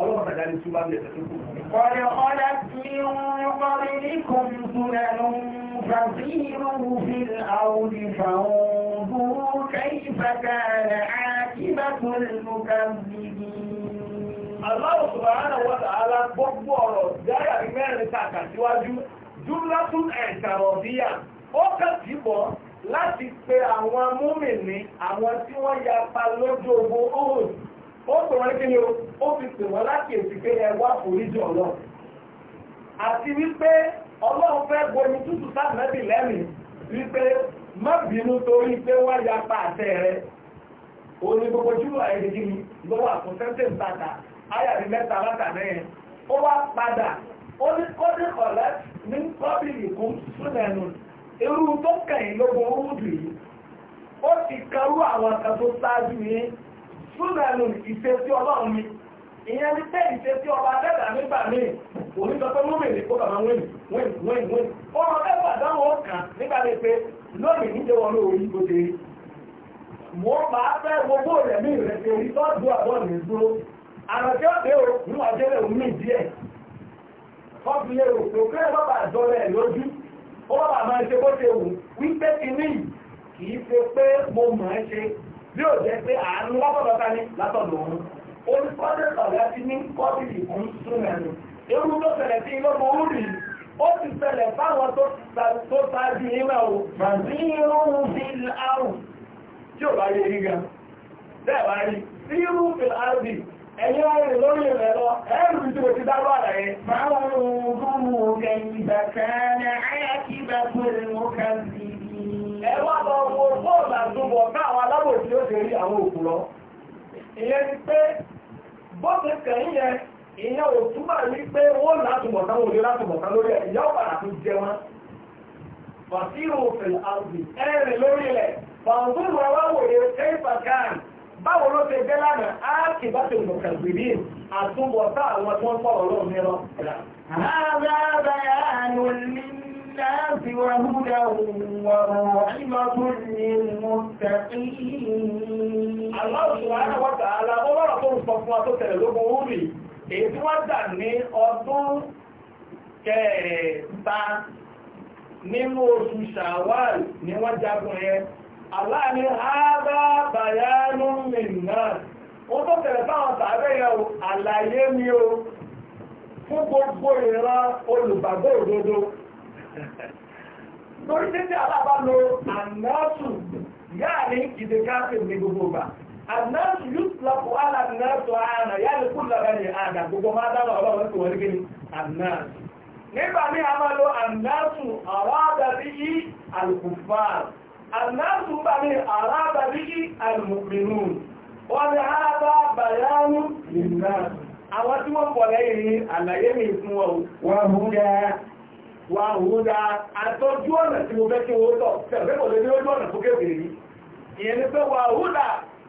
ọlọ́run àdá ní túbá bẹ̀rẹ̀ tó kù. Ọ̀rẹ́ ọ̀dà tí wọ́n kọ́rí ní kòmùtúrẹ̀ ló ń fàfihàn òfin àwọn ìfàwọn búrú kẹ́yìnfàkà rẹ̀ àkíbàtò lùkà bìbì. Aláwọ̀ Sùbàánà wọ́n tààlà gbogbo ọ̀rọ̀ dára ní mẹ́rin ta kàṣíwájú júlá tún ẹ̀ṣàrọ̀ bíyà. Ó kà bọ̀ láti pe àwọn múmìnì àwọn tí wọ́n yapa lójú ogun Ohun ó pè wọ́n kí ni o ó fi pè wọ́n lákèsí pé ẹ wá foríjì ọlọ́run àti wípé ọlọ́run fẹ́ gbomi tútù sáàmẹ́bì lẹ́mì wípé má bínú torí pé wọ́n ya pa àtẹ rẹ òun ni gbogbo júlọ ẹ̀dẹ̀ kí ni lọ́wọ́ àkọsẹ́ńtẹ̀ ń tàkà áyàrí mẹ́ta látàmẹ́yẹn ó wá padà ó ní kọ́dé ọ̀lẹ́ ní pọ́bìlì kún súnẹ̀nù irú tó kẹ̀yìn lógún orúdù yìí ó ti karú àwọn kan tó ṣáájú yìí súnà ló ìfẹ́ sí ọlọ́run mi ìyẹn ní pé ìfẹ́ sí ọba dẹ́gbà nígbà míì òní sọ pé múmìnì kó bàbá wẹ́nì wẹ́nì wẹ́nì wẹ́nì ó mọ fẹ́ pàdánwò kàn nígbà lè pé lónìí níjẹ́ wọn lórí bó ṣe rí mo máa fẹ́ gbogbo rẹ̀ mí rẹ̀ ṣe rí tọ́jú àbọ̀ ní dúró àròkẹ́ ọ̀dẹ́ o níwà jẹ́lẹ̀ òun mí díẹ̀ kọ́bílẹ̀ o tó kéré bàbá àjọlẹ̀ lójú ó bàbá máa ṣe bó ṣe wù wípé kìíní kìí ṣe pé mo máa ṣe bí ó jẹ́ pé àánú lọ́pọ̀lọpọ̀ ta ní látọ̀dọ̀ òun olùkọ́dé sọ̀rọ̀ ti ní kọ́bìlì fún súnmẹ́nu ewu tó ṣẹlẹ̀ sí ilé burú rí ó ti ṣẹlẹ̀ fáwọn tó ṣáájú nígbà o màbí irun fi àrùn tí ò bá yẹ rí gan bẹ́ẹ̀ bá rí sí irun fi àrùn ẹ̀yìn ọ̀rìn lórí ìrẹ̀lọ ẹ̀rù tí mo ti dárú àlàyé máa ń rún gúrú kẹyìn àwọn òkú lọ ìyẹn ti pé bọ́ọ̀sì kẹ̀yìn yẹn ìyẹn ò túmọ̀ ní pé wọ́n látùmọ̀tán wọlé látùmọ̀tán lórí ẹ̀ ìyá ọ̀padà tó jẹ wọn fàṣírò òfin àwùjì ẹ̀rìn lórí ilẹ̀ fàǹdùn wọn wá wòye kẹ́yìnfà káàní báwo ló ṣe jẹ́ lánàá á kì bá ṣe lùkà gbìdì àtúbọ̀tá àwọn tí wọ́n pọ̀ lọ́rùn mìíràn. للناس وهدى ورحمة الله سبحانه وتعالى ọlọ́rọ̀ tó ń sọ fún atọ́tẹ̀lẹ̀ lógún orí èyí tí wọ́n dà ní ọdún kẹta nínú oṣù ṣàwàl ni wọ́n jagun ẹ aláàrin ààbá bàyánú mìíràn ó tó tẹ̀lẹ̀ táwọn tààrẹ yẹ àlàyé ni o fún gbogbo ìran olùgbàgbọ́ òdodo torí títí alábàlò ànáàtù yáà ní ìdè káfíìn ní gbogbo gbà ànáàtù yóò tilapò àlà ànáàtù àná yáà ní kúlọ̀ bá ní àdá gbogbo máa dáná ọlọ́run tó wọlé kéde ànáàtù nígbà ní a máa lo ànáàtù àwáàdà bí i àlùkùfà ànáàtù bá ní àwáàdà bí i àlùmùmínú wọ́n ní àádọ́ bàyánú nìyí náà àwọn tí wọ́n pọ̀ lẹ́yìn àlàyé wà húdá àtọ́jú ọ̀nà tí mo fẹ́ kí owó tọ̀ tẹ̀lẹ́kọ̀ lè ní ojú ọ̀nà fún kéèkèrè yìí ìyẹn ni pé wà húdá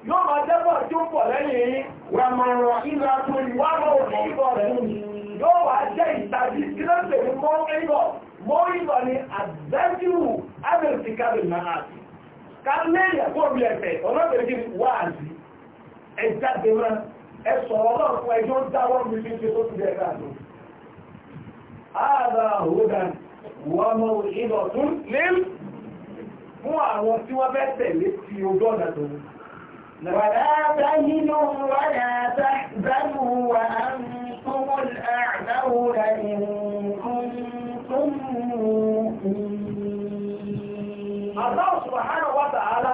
yóò máa dẹ́bọ̀ tí ó pọ̀ lẹ́yìn yìí wà mọ̀rọ̀ ìlú àtún ìwà mọ̀rọ̀ ìbọ̀ rẹ̀ yóò wà jẹ́ ìtají kí ló ń pè ní mọ́ ìbọ̀ mọ́ ìbọ̀ ni àdẹ́jú abẹ́rẹ́ ti kábì náà ká lẹ́yìn kó bí ẹ̀fẹ̀ ọlọ́bẹ̀rẹ̀ kí wà á sí ẹ̀jáde mọ́ ẹ̀ sọ̀rọ̀ ọlọ́run fún ẹjọ́ dáwọ́ mi fi ṣe tó ti dẹ̀ هذا هدى وموعظة لل fún àwọn tí wọ́n bẹ́ tẹ̀lé ti ojú ọ̀nà tó wù. Wàlá táyínú wàlá tábánú wà á ń túnmọ̀ àdáwò rà ìrìnkún tó mú Àdá Subhanahu wa ta'ala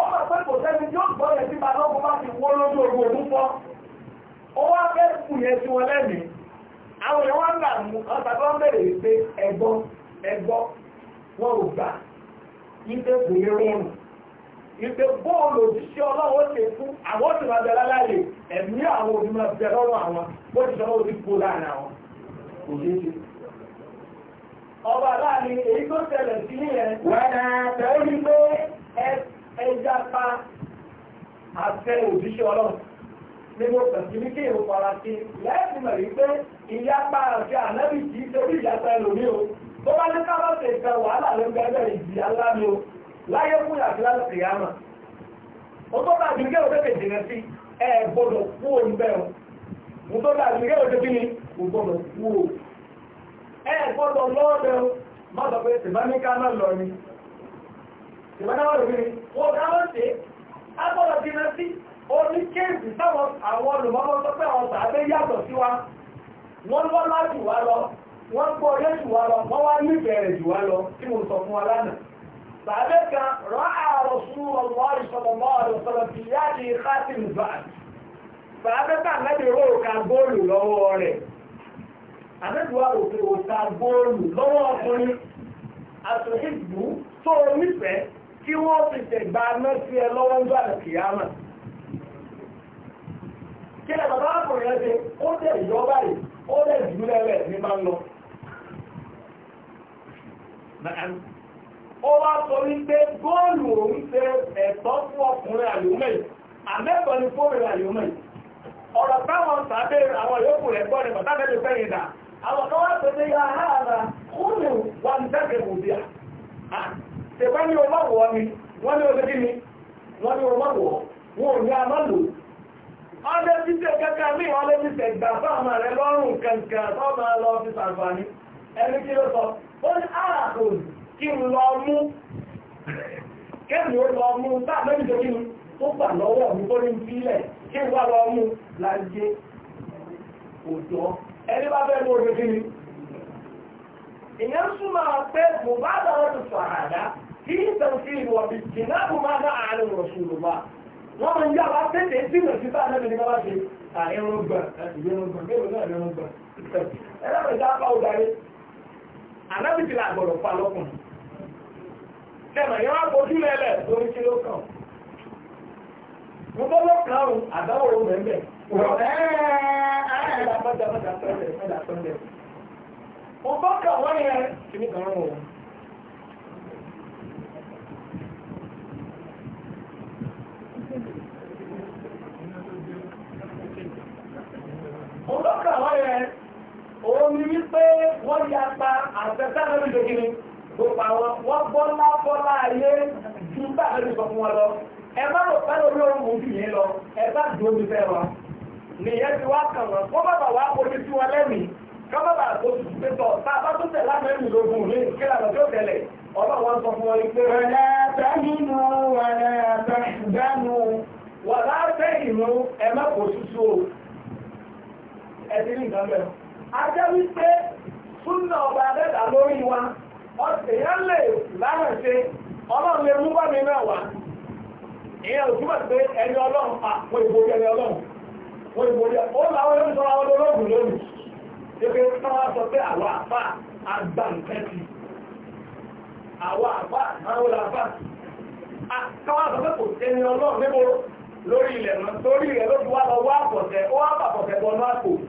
ó mọ̀ pé kò sẹ́ni yóò gbọ́ yẹn síta lọ́kùn bá ti wó lójú ogun òun fọ́ ó wá fẹ́ kù yẹn sí wọn lẹ́mìí àwọn èèyàn wọn gbà mú ọ̀tà tó ń bèrè pé ẹ̀gbọ́n ẹ̀gbọ́n wọn ò gbà ipe kò ní rọrùn ipe bóòlù òjíṣẹ́ ọlọ́wọ́ ṣe fún àwọn òṣìṣẹ́ máa bẹ láláyè ẹ̀mí àwọn òbí máa bẹ lọ́rùn àwọn bó ti sọ́wọ́ ti kó láàrin àwọn kò ṣeé ṣe ọba láàrin èyí tó ṣẹlẹ̀ sí yẹn wọ́n á tẹ́lẹ̀ ẹ ẹja pa àfẹ òjíṣẹ́ ọlọ́run nínú pẹ̀sìmí kí èrò fara sí lẹ́ẹ̀sì mẹ̀rí pé ìyapa àti ànábì kìí ṣe bí ìyapa ẹlòmí o tó bá ní káwọn ṣe ìfẹ́ wàhálà ló ń ẹgbẹ́ mi o láyé fún láti ṣe yá mà ó tó sí ẹ kú o mo tó mo kú o ẹ lọ́ọ̀dẹ o má sọ pé ìwọ́dáwọ́ lórí wọ́n dáwọ́ ṣe agbọ́dọ̀ bí náà sí orí kéèsì sáwọn àwọn olùmọ́mọ́ tó pé àwọn sàábé yàtọ̀ sí wa wọ́n wọ́n láti wá lọ wọ́n gbọ́ yé jù wá lọ wọ́n wá nífẹ̀ẹ́ jù wá lọ tí mo sọ fún wa lánàá sàábé kan rọ́ àrò fún ọmọ ìṣọ̀lọ̀ mọ́ ọ̀rọ̀ sọ̀rọ̀ sí yáàdì káàtì nìbà sàábé kan lẹ́bi ró òkà góòlù lọ́wọ́ rẹ̀ àbẹ́bùwá òkè òkà góòlù lọ́wọ́ ọkùnrin àtòhìbù tó nífẹ̀ẹ́ tí wọ́n ti tẹ̀gbà náà ẹ lọ́wọ́ ń gbà kìyàmà kí lẹ bàbá àkùnrin ẹ ṣe ó dẹ̀ ìjọba yìí ó dẹ̀ jù lẹ́lẹ̀ ní máa ń lọ ó wá sọ wípé góòlù òun ṣe ẹ̀tọ́ fún ọkùnrin àlùmẹ̀ àmẹ́kọ̀ọ́ ni fóònù àlùmẹ̀ ọ̀rọ̀ táwọn àwọn yòókù rẹ̀ gbọ́ ni bàtà tẹ̀bá ní ọmọ wọ̀ ni wọ́n ní ọdún kíni wọ́n ní ọmọ wọ̀ wọn ní a máa lò ọdẹ títẹ̀ kankan ní ọdẹ títẹ̀ gbà fáàmà rẹ lọ́rùn kankan fáàmà lọ sàǹfààní ẹni kí ló sọ ó ní kí n lọ mú ó lọ mú kí tó gbà lọ́wọ́ mi kó في تمثيل وباجتناب ما نهى عنه رسول الله wọ́n máa ń yá wa tètè a lẹ́nu ní bábá ṣe àìrún gbà ìrún gbà bẹ́ẹ̀ náà ìrún gbà ẹlẹ́wọ̀n ìjà apá ọ̀darí ànábìtì là gbọ̀dọ̀ pa lọ́kùn tẹ̀mọ̀ yẹn wá fojú lẹ́lẹ̀ lórí kí ló kàn mo bọ́ lọ́ òun tó kà wọ́n yẹn òun ni wípé wọ́n ya pa àtẹ́sẹ́ lórí ìdókìní gbogbo àwọn wọ́n bọ́lá bọ́lá ayé ju bá àlejò sọ fún wọn lọ ẹ bá rò pẹ́ lórí ohun mú jù yín lọ ẹ bá dùn omi fẹ́ wọn nìyẹn ti wá kàn wọn kó bàbà wá ojú sí wọn lẹ́mìí ká bàbà tó ti tọ̀ tá a bá tó tẹ̀ láti ẹ̀mí lógún ní kí lànà tó tẹ̀lé ọlọ́wọ́n sọ fún wọn pé. wàlá tẹ́hìnú wàlá tẹ́hìnú wàlá tẹ́hìnú ẹ ẹ̀sìn ní nǹkan a jẹ́ wípé súnà ọba adẹ́dà lórí wa èèyàn lè láwọn ṣe ọlọ́run lè mú bọ́mí náà wá ìyẹn ò túbọ̀ pé ẹni ọlọ́run pa wọ́n ìborí ẹni ọlọ́run wọ́n ìborí ẹ̀ ó làwọn yóò sọ àwọn olóògùn lónìí ṣébí táwọn sọ pé àwọn àbá àgbà ti àwọn sọ pé kò ẹni ọlọ́run níbo lórí ilẹ̀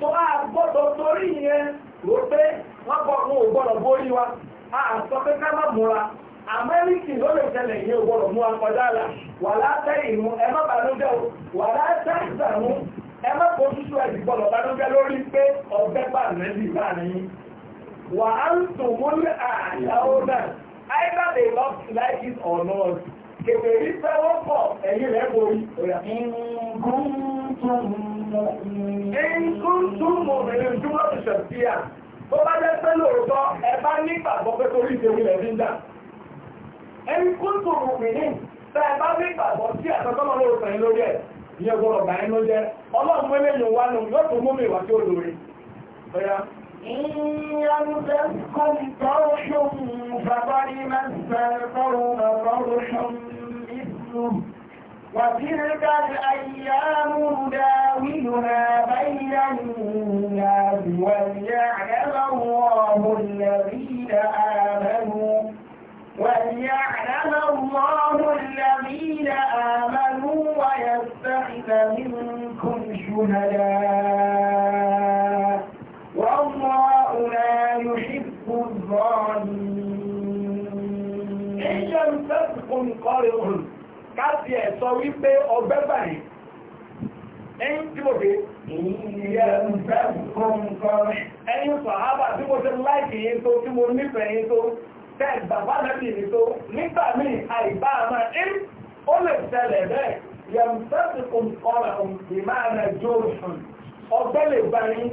tó a gbọ́dọ̀ torí yẹn rò pé wọ́n wa a sọ pé ká má múra amẹ́ríkì ló lè tẹ̀lé yẹn ò mú la wà látẹ́ ìmú ẹ má pé ọ̀gbẹ́ bà bá wà á ń tò náà either they love like it or not ẹ̀yìn rẹ̀ borí. Ìkúntún mòmìnir tí wọ́n ti ṣẹ̀fíà, tó bá jẹ́ pé lóòótọ́ ẹ bá nígbàgbọ́ pé torí ìṣe ilẹ̀ ní dà. Ìkúntún mòmìnir tẹ́ ẹ bá nígbàgbọ́ sí àtọ́tọ́mọ́ lóòótọ́ yín lórí ẹ̀ ní ẹgbọ́n ọ̀gá inú jẹ́. Ọlọ́run mú eléyìn wá nù yóò tó mú وتلك الأيام نداولها بين الناس وليعلم الله الذين آمنوا وليعلم الله الذين آمنوا ويستخف منكم شهداء والله لا يحب الظالمين إن لم تكن قرهم káàdì ẹ̀ sọ wípé ọgbẹ́ báyìí ẹ̀yìn tí mo dé ẹ̀yìn sọ̀hábà tí mo ṣe láìkì yìí tó tí mo nífẹ̀ẹ́ yìí tó tẹ́ bàbá lẹ́bí yìí tó nígbà míì àìbá àmà ẹ̀ ó lè ṣẹlẹ̀ bẹ́ẹ̀ yẹmùsẹ́sì kùn kọ́ra kùn ọgbẹ́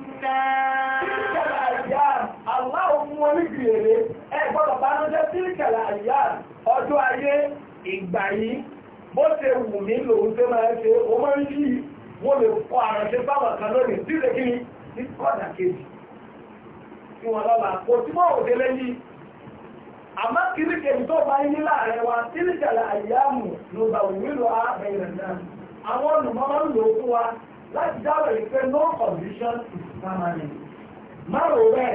Tíkàlà àyà Allah fún wọn ní ẹ bá ló jẹ́ tíkàlà ọjọ́ ayé ìgbà yìí bó ṣe wù mí lòun ṣe máa ṣe wọ́n lè kọ́ àrànṣe báwọn kan lónìí kí ni ní kọ́dà kejì wọ́n lọ́la kò tí òde lẹ́yìn àmọ́ tó bá láàrin wa no permanent. Márùn-ún rẹ̀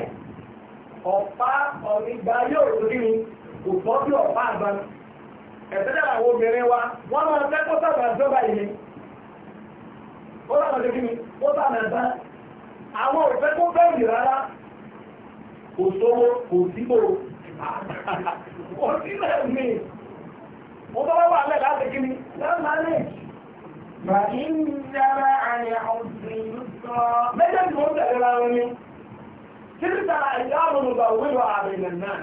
ọ̀pá ọ̀gbìgbà yóò rí ni kò tọ́ sí ọ̀pá àgbà. Ẹ̀sẹ̀dẹ̀ àwọn obìnrin wa, wọ́n máa fẹ́ kó sábà jọba ìlú. Ó sábà jẹ́ kí ni, ó sábà bá. Àwọn òfẹ́ tó Mo bá wà lẹ̀ láti kí ni, lẹ́ẹ̀ Méjèèjì wọ́n tẹ̀lé ra wọn ní. Títà ìyáàrùn lùgbà wíwà àrìnà náà.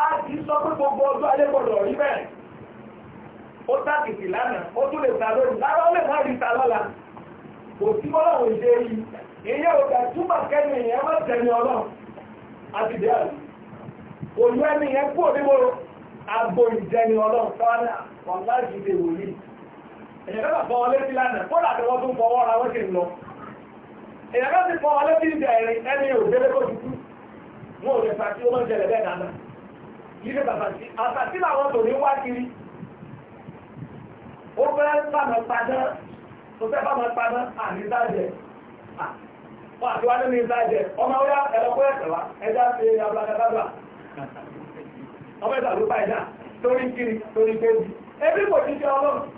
A ti sọ pé gbogbo ọjọ́ ayé gbọdọ̀ rí bẹ́ẹ̀. Ó tàkìtì lánàá, ó tún lè ta lórí, lára ó lè má rí ta lọ́la. Kò sí mọ́lá òun ṣe yí. Ìyẹ́ òkè túmọ̀ kẹ́ni ìyẹn má tẹ̀lé ọlọ́run. A ti dẹ́ àlù. Òyú ẹni yẹn kúrò níbo àgbo ìjẹni ọlọ́run tọ́lá, wọ́n láti ṣe wòlíì èyàn kẹ́kọ̀ọ́ fọ́ wọlé sí lánàá kódà tí wọ́n tún fọwọ́ ra wọ́n sì ń lọ èyàn kẹ́kọ̀ọ́ ti fọ́ wọlé sí ìjà ẹ̀rin ẹni ò délé kó tutù wọn ò lè fà sí ọmọ ìjẹ̀lẹ̀ bẹ́ẹ̀ dáná yìí ṣe pàtàkì àtàkì làwọn tò ní wá kiri ó fẹ́ bàmà padà ó fẹ́ bàmà padà àní sáàjẹ̀ wọ́n àti wá nínú ìsáàjẹ̀ ọmọ ọyá ẹ̀rọ̀kọ́ ẹ̀sẹ̀ wa ẹja ṣe abúlé ọmọ ìsàlùpá ẹja torí kiri torí kéjì ebi kò ti ṣe ọlọ́run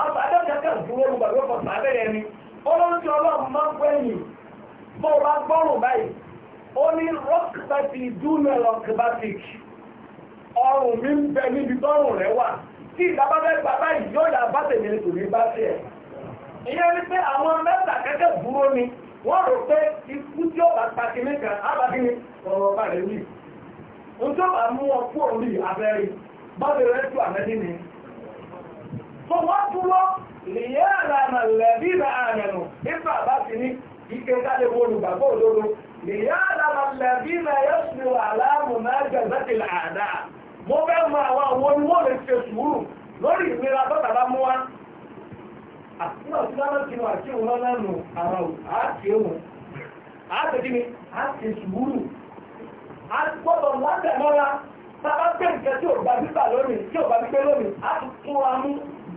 àwọn adájọ́kẹ́ ìdúró ń gbàgbé ọkọ̀ sábẹ́rẹ́ ni ọlọ́run tí ọlọ́run máa ń gbẹ̀yìn bó o bá gbọ́rùn báyìí ó ní rọ́kìtàtì dúnà rọ́kìtàtìk ọrùn mi ń bẹ níbi tọ́rùn rẹ wà tí ìdábàbẹ́ gba báyìí yóò yà bá tèmi ní tòmí bá tiẹ̀ ìyẹn ni pé àwọn mẹ́ta kẹ́kẹ́ dúró ni wọ́n rò pé ikú tí ó bá pàṣẹ nìkan ábàdí ni ọ̀rọ̀ ọba rẹ̀ wì ń tó bá mú ọkú òun rí abẹ́rẹ́ bọ́ọ̀lù rẹ̀ tù àmẹ́dínì tó wọ́n dúró lèyẹ́ àlànà lẹ́bí na àmẹ́nu ìfà bá ti ní ike káde olùgbàgbọ́ òdodo lèyẹ́ àlànà lẹ́bí na yẹ́sùn àlàmù náà jẹ̀zẹ́tì àdá mo fẹ́ mọ àwọn àwọn oníwó lè ṣe sùúrù lórí ìnira tó tàbá mú wa àti náà tí wọ́n ti nù àti òun náà nù àwọn àti òun àti gbọ́dọ̀ látẹ̀mọ́ra tá a tí ò bá gbígbà lónìí tí ò bá gbígbé lónìí á ti tún wa mú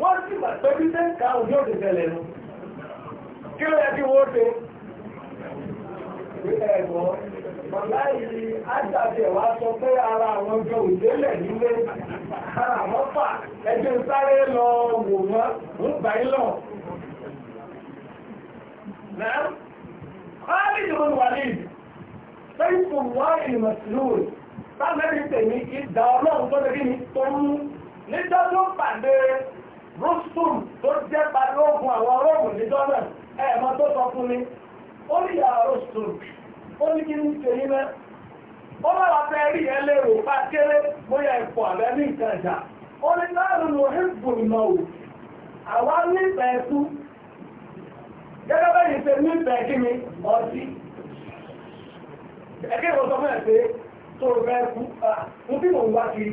wọ́n sì gbà pé bí sẹ́ńkà òní òdì tẹ̀lẹ̀ nù kí ló yẹ kí wọ́n ṣe ìpínlẹ̀ ẹ̀gbọ́n Màláìrí àtàbí ẹ̀wà sọ pé ara àwọn jọ òdélẹ̀ nílé, ara àwọn fà ẹjọ́ sáré lọ wò wọ́n ń gbà í lọ. Náà, ọ́lì tèmi ìdá ọlọ́run tó lè rí tó mú, níjọ́ tó pàdé rústùm tó jẹ́ balógun àwọn róòmù níjọ́ náà ẹ̀ẹ̀mọ́ tó sọ fún mi ó ní ìyá rústùm ó ní kí ní ṣe yín náà ó fẹ́ rí ẹ lérò bá kéré bóyá ẹ̀fọ́ àbẹ́ ní nǹkan ó ní láàrú ló hẹ́gbò ìmọ̀ ò àwa nífẹ̀ẹ́ tú gẹ́gẹ́ bẹ́ẹ̀ yìí ṣe kí ọtí ẹ̀kẹ́ ìwọ̀n sọ fún ẹ̀ pé tó rẹ̀ kú mo bí wá kiri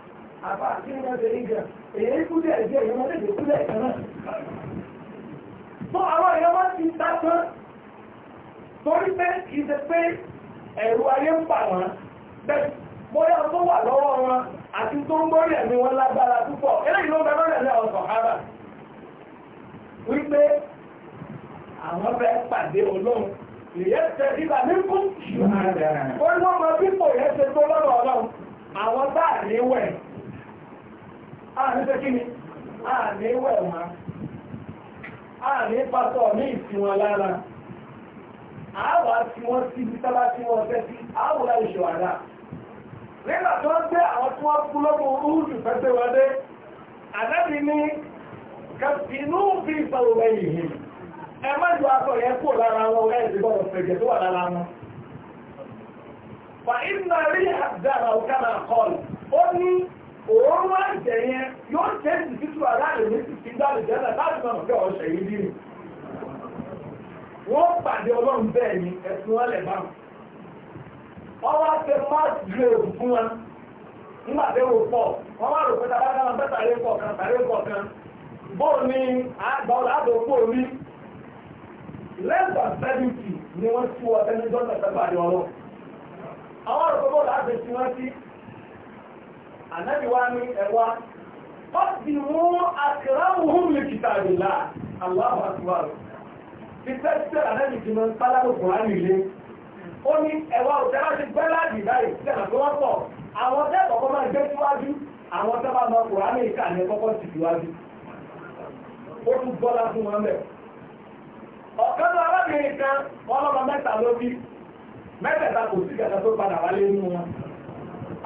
àbá kí wọ́n ṣe ń jẹ èyí kúlẹ̀ ẹ̀jẹ̀ èyí wọ́n lè kúlẹ̀ ẹ̀jẹ̀ náà. tó àwọn èèyàn wọ́n ti ta tán torí pé kì í ṣe pé ẹ̀rù ayé ń pa wọ́n bẹ́ẹ̀ bóyá tó wà lọ́wọ́ wọn àti tó ń gbórí ẹ̀mí wọn lágbára púpọ̀ eléyìí ló ń bẹ lọ́rẹ̀ lẹ́ ọ̀sán ara wípé àwọn fẹ́ pàdé olóhùn ìyẹn tẹ ìgbà ní kún. ó ní wọ́n mọ pípò yẹn ṣe tó lọ́rọ̀ ọlọ́run àwọn táà ní wẹ̀ àníṣe kí ni àní n'iwe wọ́n àní ní ìsìnwọ̀n lára àwà tí wọ́n ti bí sábà tí wọ́n fẹ́ sí àwòrán ìṣò àdá nígbà tó ń gbé àwọn tí wọ́n kú lọ́pọ̀ orúurú fẹ́fẹ́ wọlé àdábì ní kàfínú bí ìsọ̀rọ̀ lẹ́yìn yìí ẹ má ju aṣọ yẹn kúrò lára wọn ti gbọ́dọ̀ fẹ̀jẹ̀ tó wà lára wọn. fa ìnà rí àdára kọlù ó ní òórùn ẹ̀jẹ̀ yẹn yóò ṣe é títú aláàrẹ̀ méjì sí gbàlẹ̀ jẹ́lẹ̀ láti máa mọ̀ ọ̀ṣẹ̀ yìí bí mi. wọ́n pàdé ọlọ́run bẹ́ẹ̀ ni ẹ̀sùn wọn lẹ̀ bá wọn. ọwọ́ ṣe mass grave fún wọn nígbà tí wọ́n pọ̀ wọ́n wá rò pé tá a bá dá wọn bẹ́ẹ̀ tàrí kọ̀ọ̀kan tàrí kọ̀ọ̀kan bóun ni àgbà ọ̀làdó kó ni wọ́n ti wọ ànábì wá ní ẹ̀wá fọ́sì mú akẹ́rọ̀hún lè kìtà ìlà aláwọ̀ àtúwárò ti tẹ́tẹ́ ànábì ti mọ sálábò kùránì ilé ó ní ẹ̀wá òtẹ́ láti gbẹ́ láàbì báyìí tẹ́lá tó wọ́n pọ̀ àwọn tẹ́ kọ̀kọ́ máa gbé síwájú àwọn tẹ́ bá mọ kùránì ìka ní kọ́kọ́ sì mẹ́ta ló bí kò sí kẹta tó padà wálé nínú wọn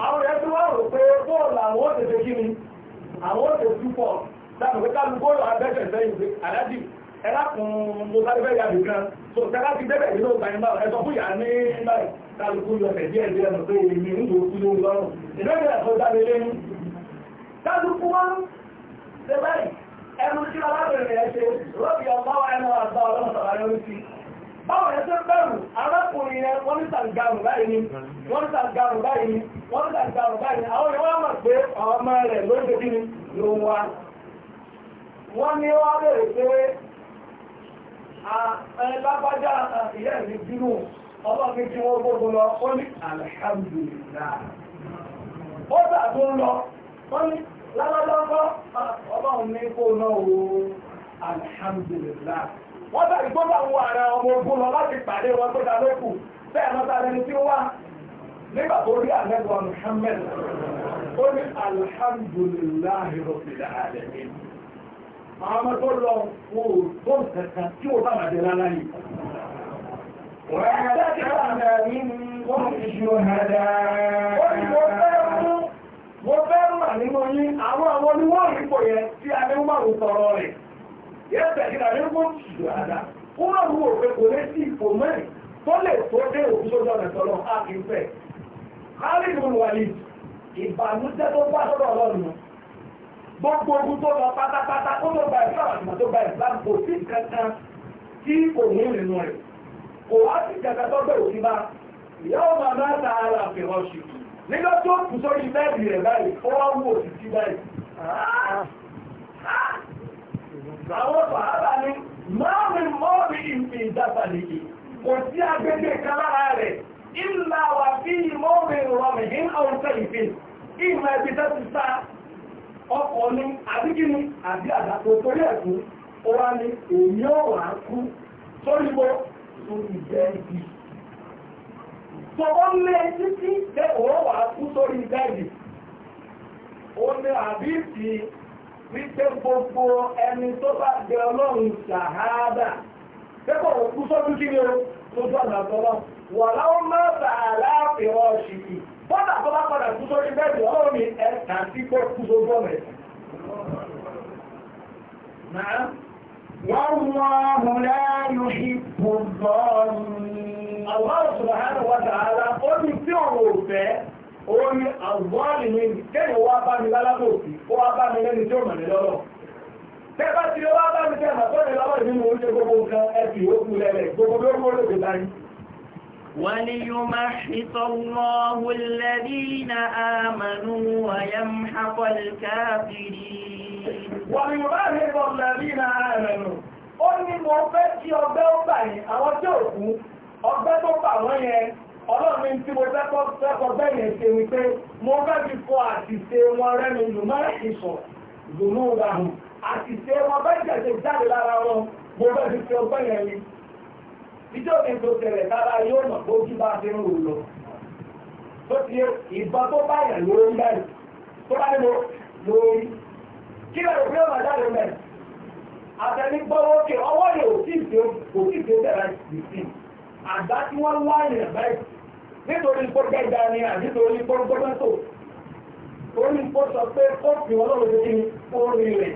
àwọn rẹ̀ tí wọ́n rò pé bóòlù àwọn òṣèṣe kí ni àwọn òṣèṣe púpọ̀ láti pé káàlù bóòlù abẹ́ṣẹ̀ sẹ́yìn pé àdájì ẹlákùn mo sáré fẹ́ yàgbé kan so tẹ́lá ti débẹ̀ nínú ọgbà yẹn báwọn ẹ̀sọ́ fúyà ní báyìí káàlù kú yọ tẹ̀dí ẹ̀dí ẹ̀nà pé èmi ń lò kú lórí lọ́rùn ìdẹ́gbẹ̀ ẹ̀sọ́ jáde lẹ́nu káàlù kú wọn ṣe báyìí ẹnu tí alábẹ̀rẹ̀ ẹ̀ ṣe rọ́bì ọmọ ẹnu àgbà ọlọ́mọ báwọn yẹn bẹ̀rù arákùnrin yẹn wọ́n ní sàǹgàrù báyìí ni wọ́n ní sàǹgàrù báyìí ni wọ́n ní sàǹgàrù báyìí ni àwọn yẹn mọ̀ pé àwọn ọmọ rẹ̀ ló ń ni ló ń wá. wọ́n ní wọ́n béèrè pé lágbájá ìyá mi bínú ọlọ́ọ̀ni tí wọ́n gbogbo lọ ó ní alhamdulillah. ó gbà tó ń lọ ní ọlọ́run ní kó náà alhamdulillah. wọ́n sáré tó bá wọ ààrẹ ọmọ ogun lọ láti pàdé wọn tó dáa lókù bẹ́ẹ̀ lọ sáré ní tí ó wá nígbà tó rí àlẹ́gbọ̀n Muhammad ó ní alhamdulillahi rabbil alamin àwọn ọmọ tó lọ wo tó tí ó bá wà lálá yìí. وَأَتَكَرَهَا مِنْكُمْ شُهَدَاءَ Mo àwọn àwọn oníwọ̀n ìpò tí a ní ó máa yẹ́sẹ̀ kíkà ní kó tù dáadáa ó máa wú òfin kò ní sí ipò mẹ́rin tó lè tó dé òfin sójú ọ̀nà tọ́lọ́ á kì í fẹ́ kálí ìlú wàlí ìbànújẹ́ tó bá sọ́dọ̀ ọlọ́run gbogbo ogun tó lọ pátápátá ó tó gba ìfẹ́ àwọn àtìmọ̀ tó gba ìfẹ́ kò sí kankan tí kò mú nínú rẹ̀ kò wá sí kankan tó bẹ̀rù sí bá ìyá ọmọ náà ta ara àfihàn ṣe nígbà tó kù sórí bẹ́ẹ̀dì àwọn sàhábà ní máàmì mori ìfì ìdábàlìkì kò sí agbègbè kan rẹ̀ ìlà wà bí mọ́ọ̀rì rọmì ní àwùjọ ìfẹ́ ìmọ̀ ẹbí ti sá ọkọ̀ ní àbíkíní àbí àdàpọ̀ torí ẹ̀kún ó wá ní èmi ọ̀wà kú sórí mo tún ìjẹ́ ibi tó ó lé títí pé wà kú sórí wípé gbogbo ẹni tó bá jẹ ọlọ́run ṣàhádà pẹ́pọ̀ òkú sọ́dún kí ni o lójú ọ̀nà àtọ́lọ́ wà láwọn máa bà á láàfin ọ̀ṣìkì bọ́dà tó bá padà kú sórí bẹ́ẹ̀dì ọlọ́run ni ẹ kà sí pé kú sójú ọ̀nà ẹ̀sìn. Wallahu la yuhibbu adh-dhalimin. Allahu subhanahu wa ta'ala ó ní ó ní àwọ̀lì ní kéèyàn wá bá mi lálábò sí ó wá bá mi lẹ́ni tí ó mọ̀ ní lọ́rọ̀ tẹ́ bá ti wá bá mi tẹ́mà tó ní lọ́rọ̀ nínú oúnjẹ gbogbo nǹkan ẹ̀fì òkú lẹ́lẹ̀ gbogbo bí ó mú olóògbé báyìí وليمحص الله الذين آمنوا ويمحق الكافرين وليمحص الذين آمنوا ó ní mo fẹ́ kí ọgbẹ́ ó bà yín àwọn tí ò kú ọgbẹ́ tó bà wọ́n yẹn ọlọ́run ní tí mo fẹ́kọ̀ bẹ́yẹn ṣe ni pé mo fẹ́ fi kọ àtìṣe wọn rẹ́nu lùmọ́ ìṣọ̀ lùmọ́ ìràhùn àtìṣe wọn bẹ́ẹ̀ tẹ̀sẹ̀ jáde lára wọn mo fẹ́ fi fi ọgbẹ́ yẹn ni ìjọ mi tó tẹ̀lẹ̀ tára yóò mọ̀ pé ojú bá fi ń rò lọ tó ti ìbọn tó bá yẹn lórí bẹ́ẹ̀ tó bá ní mo lórí kí lè rí ọmọ jáde mẹ́rin àtẹnigbọ́wọ́ kí ọwọ́ yẹn ò tí ì tó ò tí sí àgbá tí wọ́n wá yẹn nítorí pọ́gbẹ́gbà ni àdítorí pọ́gbẹ́gbàtò orí pọ́sọ pé ó fi ọlọ́run tó kíni ó rí rẹ̀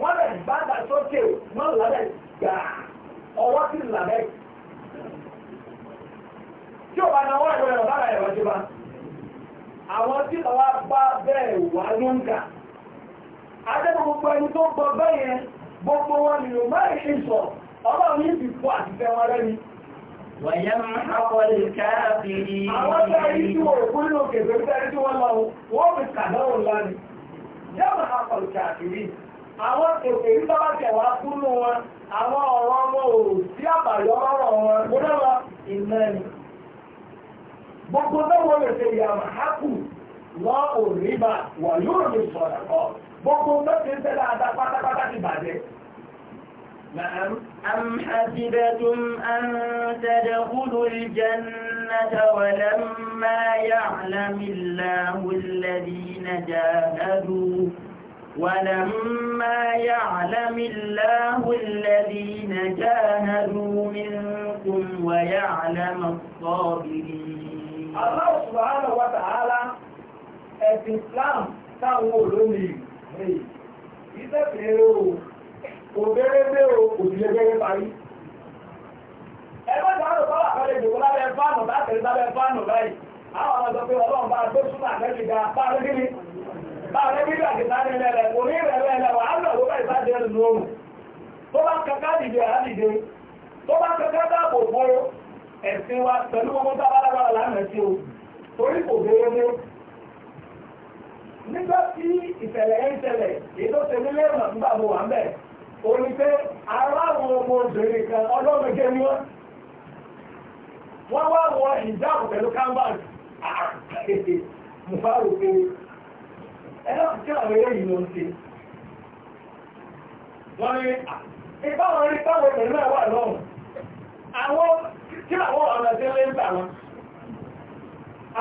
wọ́n lẹ̀ bàbà sókè náà lábẹ́ gbà ọwọ́ sí làbẹ́ tí ó bá náwó ẹ̀rọ ẹ̀rọ bára ẹ̀rọ ti bá àwọn tí ọwọ́ bá bẹ́ẹ̀ wà ló ń kà adẹ́kọ̀ gbogbo ẹni tó gbọ́ bẹ́yẹn gbogbo wọn nìyó máa ń ṣe sọ ọlọ́run yìí ti kó àtìfẹ́ wọn lẹ́ni ويمحق الكافرين àwọn tẹ́rí tí wọ́n kú nínú wọn àwọn ọ̀rọ̀ wọn ò sí àbàyọ ọ̀rọ̀ wọn gbọ́dọ̀wọ́ ìmẹ́ni gbogbo náà lè ṣe ìyàmà hákù ihe ò rí bá gbogbo náà ti pátápátá ti bàjẹ́ نعم أم حسبتم أن تدخلوا الجنة ولما يعلم الله الذين جاهدوا ولما يعلم الله الذين جاهدوا منكم ويعلم الصابرين الله سبحانه وتعالى الإسلام تقول لي إذا كانوا obere o kò sí lẹ́gbẹ́rẹ́ parí. ẹgbẹ́ ìdáhùn bá wà kọ́lé ìdòwò lábẹ́ fáànù bá tẹ̀lé lábẹ́ fáànù báyìí àwọn ọmọ sọ pé ọlọ́run bá tó súnmọ́ àtẹ́lẹ́ ìdá bá rẹ́gírí bá rẹ́gírí àgbẹ̀ta ní ẹlẹ́rẹ̀ kò ní ìrẹ̀lẹ̀ ẹlẹ́ a bá lánàá o torí kò òní aláwọn ọmọ obìnrin kan ọlọ́mẹgẹ́ ni wọ́n wọ́n wá wọ ìjáàbù pẹ̀lú canvas àkàkẹ́kẹ́ ah, mo pé ẹ̀rọ tí àwọn eléyìí ló ń ṣe wọ́n ní ah, ìbáwọn rí báwọn obìnrin náà lọ́rùn àwọn kí àwọn ọ̀nà tí lè ń bà wọn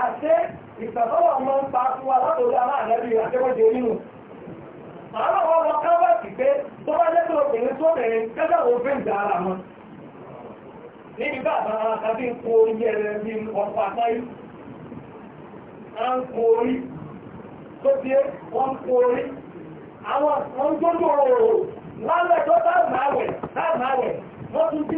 àṣẹ ń pa fún wa nínú àwọn ọmọ wọn ká pé tó bá jẹ́ tó obìnrin tó bẹ̀rẹ̀ kẹ́sà wo ìjà ara wọn níbi bá àbára wọn ń kó orí ẹrẹ bí ọ̀pọ̀ àtọ́yí a ń kó orí tó ti é wọ́n kó orí àwọn ọ̀n tó tó lálẹ́ tó táàmàwẹ̀ táàmàwẹ̀ wọ́n tún tí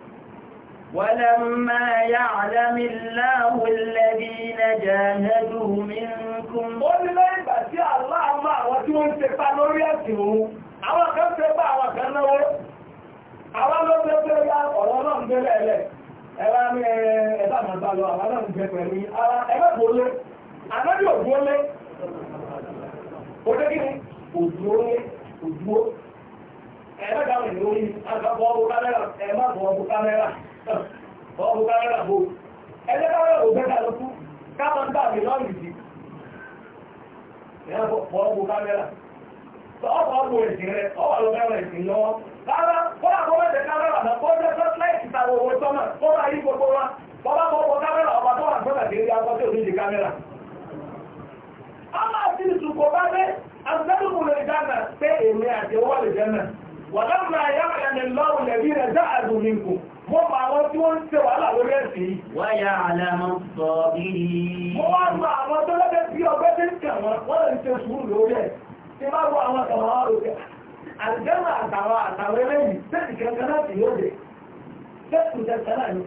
ولما يعلم الله الذين جاهدوا منكم قل لا يبسي الله ما وتون سيبانو يسمو àwọn kan ṣe bá àwọn kan náwó àwọn ló ṣe pé ya ọ̀rọ̀ náà ń gbélé ẹlẹ̀ ẹ̀rá ní ẹ̀bá màbá lọ àwọn náà ń jẹ pẹ̀lú ara ẹgbẹ́ gbólé ànábì ògbólé òdé kíni òdúólé òdúó ẹ̀ẹ́dẹ́gbàmì lórí agbábọ̀ ọgbọ̀ kámẹ́rà ẹ̀ẹ́dẹ́gbàmì ọgbọ̀ kámẹ́rà ọ kárẹ́rà bò ẹgbẹ́ kárẹ́rà bò bẹ́ẹ̀ náà ló kú káwọn gbà mí ọ bụ ọ ọ̀bùn kárẹ́rà ọ̀bùn ọ̀bùn ẹ̀sìn rẹ̀ ọ̀bùn ọ̀bùn ẹ̀sìn lọ́wọ́ rárá kọ́lá ndị mẹ́tẹ̀ kárẹ́rà náà kó jẹ́ sọ́tíláìtì tàwọn ndị wàlámà yàmàlẹ̀ lọ́rùn lẹ̀bí rẹ̀ dáàdù nìkù mọ́ pa àwọn tí wọ́n ń tẹ wàhálà lórí ẹ̀sìn yìí. wáyà àlàmọ́ sọ bíi. mo wá gba àwọn tó lọ́dẹ bí ọgbẹ́ tí ń tẹ̀ wọ́n wọ́n lè ṣe sùúrù lórí ẹ̀ tí bá wọ àwọn kan wọ́n rò pé àlùjẹ́nà àtàwọn àtàwọn eléyìí tẹ́sì kankan náà sì yóò tẹ́sì kankan náà ni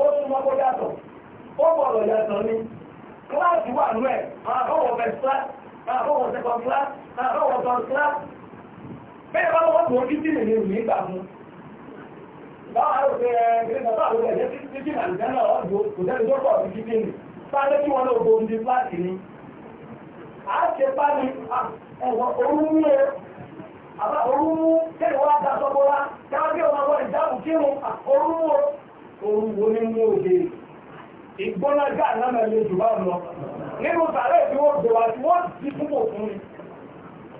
ó tún mọ́ kó yàtọ̀ ó bọ̀rọ̀ yàtọ̀ ni kíláàsì wà nú ẹ̀ àwọn àbọ̀wọ̀ fẹ̀ kíláàsì bẹ́ẹ̀ wọ́n mọ̀ ní sílẹ̀ ní ìrìn ìgbà fún báwọn àwọn ọ̀rẹ́ ẹgbẹ́ bàbá àwọn ẹ̀jẹ̀ tí tí nà nìkan náà wọ́n wọ́n ni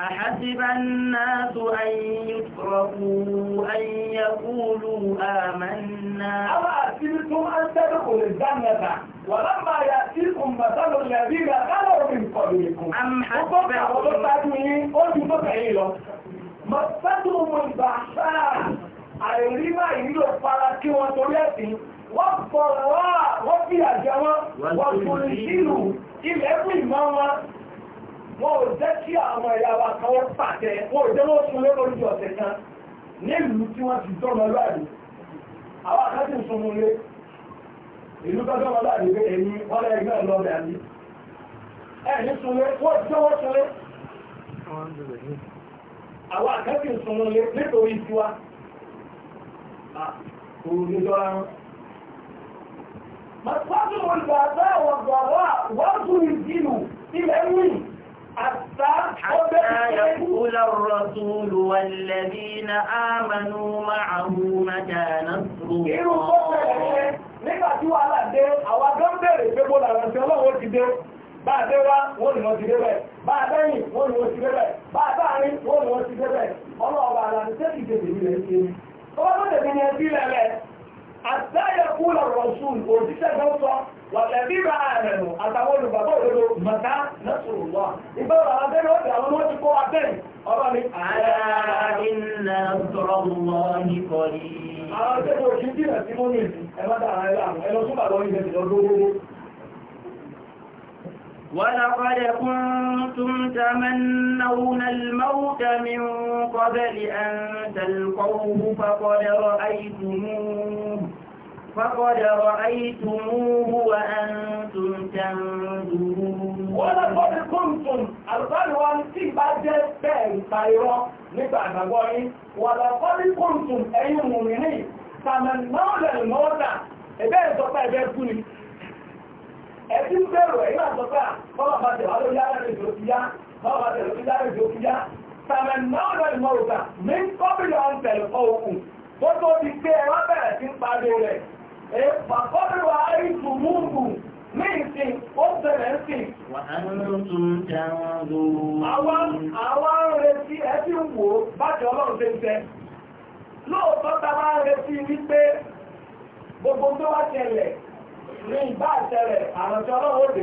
أحسب الناس أن يتركوا أن يقولوا آمنا أوأتلكم أن تدخلوا الجنة ولما يأتيكم مثل الذين خلوا من قبلكم أم حسب Mọ̀sẹ́dùnmù ìbàṣáà àìríwá ìlú ìpara kí wọ́n torí ẹ̀sìn, wọ́n pọ̀rọ̀ wọ́n fi àjẹ́ wọn, wọ́n kò lè ṣírù ilẹ̀ fún ìmọ̀ wọn, wọn ò jẹ́ kí àwọn ẹ̀yà wa kan wọ́n pàtẹ wọn ò jẹ́ wọ́n sun lé lórí ọ̀sẹ̀ kan nílùú tí wọ́n ti dọ́nà lọ́àdì àwọn akẹ́kọ̀ọ́ ń ìlú tó lọ́àdì pé èyí wọ́n lẹ́yìn náà lọ́ọ̀dà ẹ̀yìn sunlé wọ́n jẹ́ wọ́n sunlé àwọn akẹ́kọ̀ọ́ ń nítorí tiwa kò ní lọ́ra wọn. Màtí wọ́n tún wọ́n gbà bá حتى يقول الرسول والذين آمنوا معه متى نصر الله nígbà wá wọ́n ni wọ́n ti débẹ̀ bá wọ́n ni wọ́n ti débẹ̀ bá wọ́n ni wọ́n ti débẹ̀ ọlọ́ọ̀bà aláàdé tẹ́lì ìdèdè ilẹ̀ ṣe ni ọlọ́dẹ̀ ni ẹbí lẹ́lẹ̀ àtẹ́yẹkú lọ̀rọ̀ ṣùn òjíṣẹ́ wàtẹ̀bí bá ẹ̀rẹ̀nù àtàwọn olùgbàgbọ́ òdodo màkà lẹ́sùrùwà ìbára abẹ́rẹ́ ọ̀dẹ̀ àwọn ọmọ ti kó abẹ́rẹ́ ọ̀rọ̀ mi. ara iná sọ̀rọ̀ wọn ní kọ́lí. àwọn akẹ́kọ̀ọ́ òṣì jìnà sí mọ́nì ẹ má dára ẹ láàmú ẹ lọ súnmọ́ àwọn oúnjẹ ti lọ lówó. ولقد كنتم تمنون الموت من قبل أن تلقوه فقد رأيتموه فقد رأيتموه وأنتم تنظرون ولقد كنتم القرآن وانتي بعد بين خيرا نبع بقوي ولقد كنتم أي مؤمنين تمنون الموت ẹgbẹ́ ìsọpá ẹgbẹ́ kú ni ẹbí ń bẹ̀rù ẹ̀yìn àsọpá bọ́lá bá tẹ̀wá lórí láàrin ìjọ ti yá bọ́lá bá tẹ̀wá lórí láàrin ìjọ ti yá tàmẹ̀náwó lórí mọ́rùkà ní kọ́bìlì ọ̀n tẹ̀lẹ̀ ọ̀hún bó tó Fàkọ́rọ̀ àìsù múùkù ní ìsìn ó bẹ̀rẹ̀ sí. Wà á ń tún jẹun lóòrò. Àwọn ń retí ẹbí wò bájọ ọlọ́run ṣe ń tẹ. Lóòótọ́ ta máa ń retí wípé gbogbo tó wá ṣẹlẹ̀ ní ìbá àṣẹlẹ̀ àrùntí ọlọ́run òde.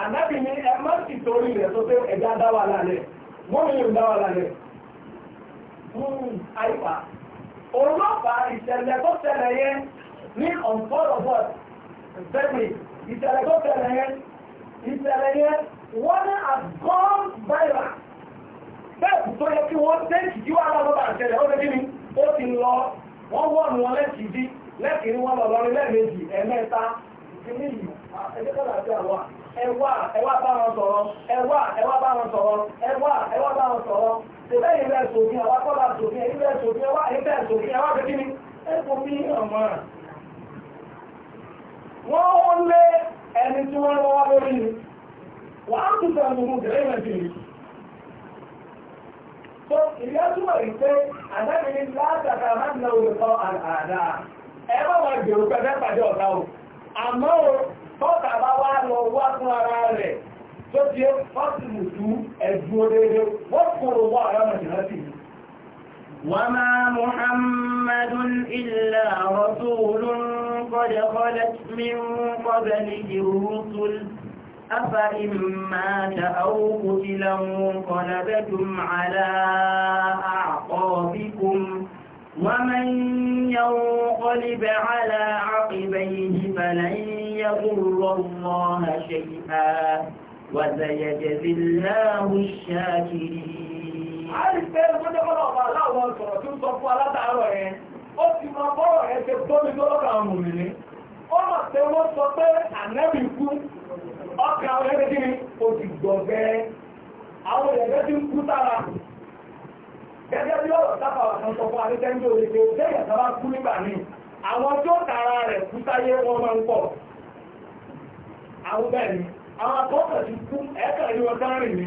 Ànábì ni ẹ má sì torí rẹ̀ tó pé ẹja dá wà lálẹ́. Wọ́n mi yóò dá wà lálẹ́. Hmm, Àìpà. Òun lọ́pàá ìṣẹ̀lẹ̀ tó ṣẹlẹ̀ yẹn clean on part of what? Certainly, ìṣẹ̀lẹ̀ a tó yẹ kí wọ́n bá ṣẹlẹ̀ ó wọn lẹ́kì ní wọ́n lọ lọ rí lẹ́ẹ̀mejì ẹ̀mẹ́ta wọ́n lé ẹni tí wọ́n lọ́wọ́ lórí ni wọ́n á tún sọ gbogbo gẹ̀rẹ́ ìrìnàjò so ìyá túmọ̀ yìí pé àdábìrin látàkà láti náà wò sọ ẹ bá wà gbèrú ọ̀tá o àmọ́ o tọ́ta bá wá lọ wá fún ara rẹ̀ tó ti fásitì mùtú wọ́n wọ́n وما محمد إلا رسول قد خلت من قبله الرسل أفإن مات أو قتل انقلبتم على أعقابكم ومن ينقلب على عقبيه فلن يضر الله شيئا وسيجزي الله الشاكرين a rí pé ẹgbẹ́jọ́ kọ́lọ̀ ọba aláwọ̀ sọ̀rọ̀ tí ń sọ fún alátàárọ̀ yẹn ó ti mọ bọ́rọ̀ yẹn ṣe tóbi tó lọ́kà ọmọ mi ní ó mọ̀ pé wọ́n sọ pé ànẹ́bì kú ọkà ọ̀rẹ́gbẹ́ kí ni ó ti gbọ̀gbẹ́ àwọn ẹ̀gbẹ́ tí ń kú sára gẹ́gẹ́ bí ọ̀rọ̀ sábà wà kan sọ fún adétẹ́ńdé òye pé lẹ́yìn sábà kú nígbà míì àwọn tó tara rẹ̀ kú sáyé wọn máa ń pọ̀ àwọn bẹ́ẹ̀ ni àwọn akọ́kọ̀ ti kú ẹ̀ẹ́kẹ̀ẹ́ ni wọ́n dárìn ni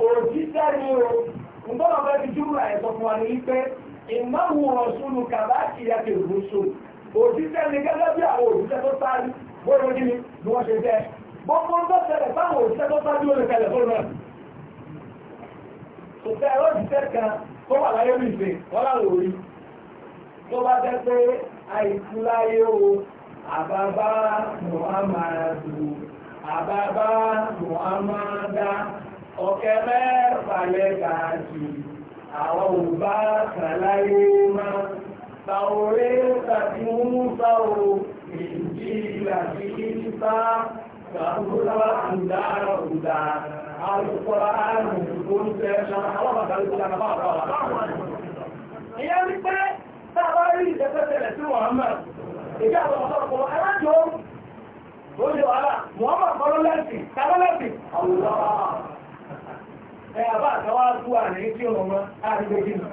òjíṣẹ́ ni o ǹgbọ́n ọ̀fẹ́ ti júmọ̀ ẹ̀sọ̀ fún wa ní wípé ìmáwù ọ̀ṣun kàbá kìlá ti rú so òjíṣẹ́ ni gẹ́gẹ́ bí àwọn òjíṣẹ́ tó sáré bóyá ojú ni bí wọ́n ṣe jẹ́ gbogbo ń tọ́sẹ̀lẹ̀ fáwọn òjíṣẹ́ tó sáré lórí kalẹ̀ fún náà kò tẹ́ ẹ̀rọ òjíṣẹ́ kan tó wà láyé mi fè wọ́n láwọn tó bá jẹ́ pé àìkú láyé o àbábá Muhammadu àbábá Muhammada ọ̀kẹ́ mẹ́rẹ̀fàlẹ́ kàájì àwọn òbá kàláyé má tàwọ̀rẹ́ tàbí múúsá o èjì ìlàbí nípa gbàgbọ́lá ìdára òdà alùpọ̀ àrùn oúnjẹ ṣan àwọn bàbá ló dára bá àwọn àwọn ìyá rí pé táwọn rí ìdẹ́fẹ́tẹ̀lẹ̀ sí Muhammad ìjà àwọn ọ̀pọ̀lọpọ̀ alájọ́ ó ṣe wàhálà Muhammad kọ́lọ́lẹ́sì kọ́lọ́lẹ́sì ẹ àbá àtàwà tó àná tí ọmọ mọ́ àdúgbò jìnnà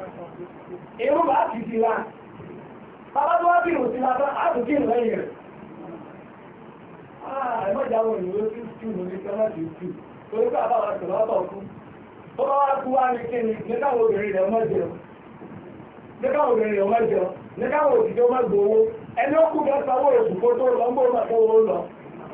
èrò bá ti ti la bàbá tó wá bí ìrò sí lásán àdúgbò jìnnà lẹ́yìn rẹ̀ ah, ẹ mọ̀jà àwọn ènìyàn tí tù mí ní sọ́nà tí tù torí pé àbá wa sọ̀rọ̀ ọ̀tọ̀ kú ó bá wá kú wá ní kíni nígbàwọ̀ obìnrin rẹ̀ ọmọ jẹun nígbàwọ̀ obìnrin rẹ̀ ọmọ jẹun nígbàwọ̀ òṣìṣẹ́ ọmọ gbowó ẹni ó kú bẹ́ẹ̀ sanwó oṣù tó lọ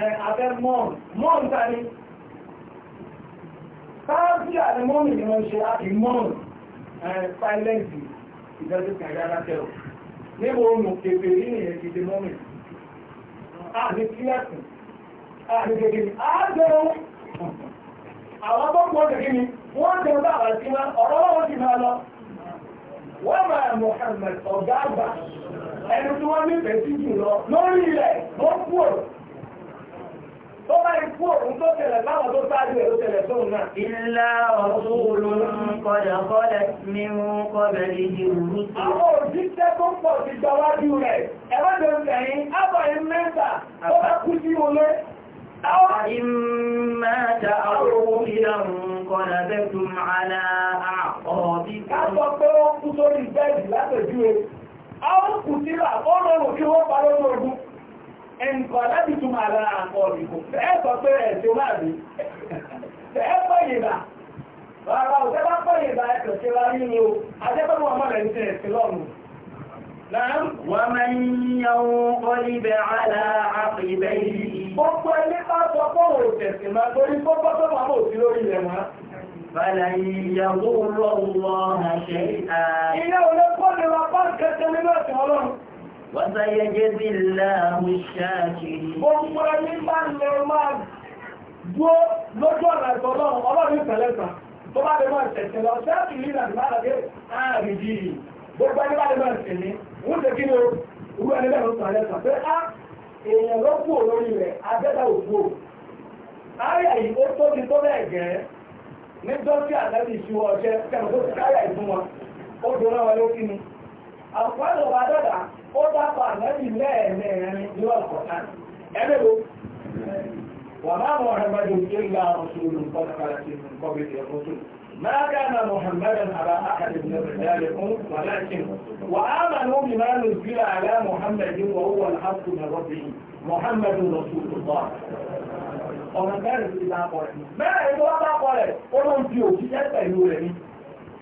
abẹ́ mọ́ọ̀n mọ́ọ̀n tani sáàbí àti mọ́ọ̀n ni wọ́n ṣe àti mọ́ọ̀n silence ìdájọ́ kàrẹ́ alátẹ́rọ níbo ònà kèfè rí nìyẹn ti di mọ́ọ̀n àti kílẹ̀kù àti gẹ́gẹ́ àádọ́rùn àwọn tó pọ̀ gẹ́gẹ́ ni wọ́n tẹ̀ bá àwọn tí wọ́n ọ̀rọ̀ wọn ti máa lọ wọ́n máa Muhammad ọ̀gá àgbà ẹni tí wọ́n nífẹ̀ẹ́ sí jù lọ lórí ilẹ̀ ló kúrò tó bá ikú òun tó tẹ̀lẹ̀ láwọn tó sáájú ẹ̀ ló tẹ̀lẹ̀ tóun náà. ilá ọ̀rọ̀ kọjá kọlẹ̀ mi ń kọbẹ̀ lè di òru sí. àwọn òjíṣẹ́ tó pọ̀ ti gba rẹ̀ ẹ̀rọ ló ń tẹ̀yìn ábàáyín mẹ́ta tó bá kú sí olé. Ìmá ta àwòrán pé ó kú sórí bẹ́ẹ̀dì látọ̀jú e. Àwọn kùtìlà ó rọrùn kí wọ́n parí ọmọ ẹnkọ̀ láti tún máa lára àpọ̀ ìkò ẹ̀ẹ́kọ̀ pé ẹ̀ṣẹ́ máa rí ẹ̀ẹ́kọ̀ ìyèbà rárá ò tẹ́ bá pọ̀ ìyèbà ẹ̀kọ̀ ṣe wá rí ni o ajẹ́bẹ̀rún ọmọ rẹ̀ ń tẹ̀ ẹ̀ṣẹ́ lọ́nu Nàám. Wọ́n máa ń yan kọ́ ibẹ̀ àlà àpìbẹ̀ Fàlàyé ìyàwó lọ́wọ́ àṣẹ ìta. Ilé olóko ni wọ́n pọ́n kẹ́kẹ́ nínú ẹ̀sìn ọlọ́run. وسيجزي الله الشاكرين gbogbo ẹni bá lè máa dúó lójú ọ̀nà ìtọ́lọ́run ọlọ́run ìfẹ̀lẹ́sà tó bá lè máa tẹ̀sẹ̀ lọ sẹ́ẹ̀kì lílà ní àlàyé ààrùn yìí gbogbo ẹni bá lè máa tẹ̀lé ń ṣe kí á èèyàn ló kú rẹ̀ abẹ́dà òkú káyà yìí ó tó bẹ́ẹ̀ gẹ́ nítorí àtẹ́bí ìṣúwọ́ ọ̀ṣẹ́ kẹ́mọ̀ tó ti káyà ìfún ó dúró náà wọlé kí ni àkọ́lù wa dọ́dà ó dápọ̀ àmẹ́bì lẹ́ẹ̀mẹ́rin ní ọ̀pọ̀tán ẹgbẹ́gbò wà máa mọ̀hànmàdù ìlà ọ̀ṣùlù pọ̀tàkàlàtì kọ́bìtì ọ̀ṣùlù ما كان محمدا على أحد من رجالكم ولكن وآمنوا بما نزل على محمد وهو الحق من ربه محمد رسول الله ọ̀nà mẹ́rin ti dáa pọ̀ rẹ̀ mẹ́rin tó wá bá pọ̀ rẹ̀ ó ló ń fi òṣìṣẹ́ pẹ̀lú rẹ̀ ní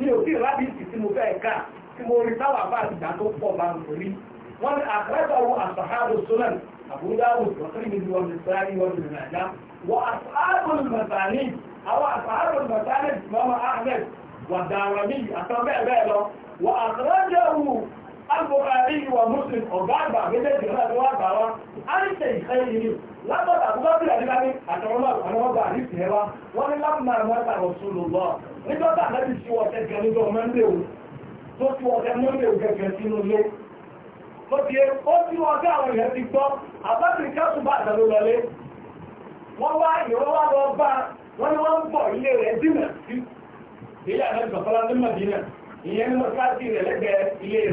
ní òkè rádìsì tí mo fẹ́ ká tí mo rí táwà bá àtìgbà tó pọ̀ bá ń rí wọ́n ní àkẹ́kọ̀ọ́ àṣàhádò sólẹ̀ àbúdáwò lọ́sẹ̀rì mi wọn ní sáré wọn ní nàìjíríà wọ́n àṣàhádò mọ̀tàní ahmed wà dàrọ̀ mí àtọ́ bẹ́ẹ̀ bẹ́ẹ̀ lọ wọ́n àṣàhádò Al-Bukhari wa Muslim ọ̀gá àgbà méjèèjì o, o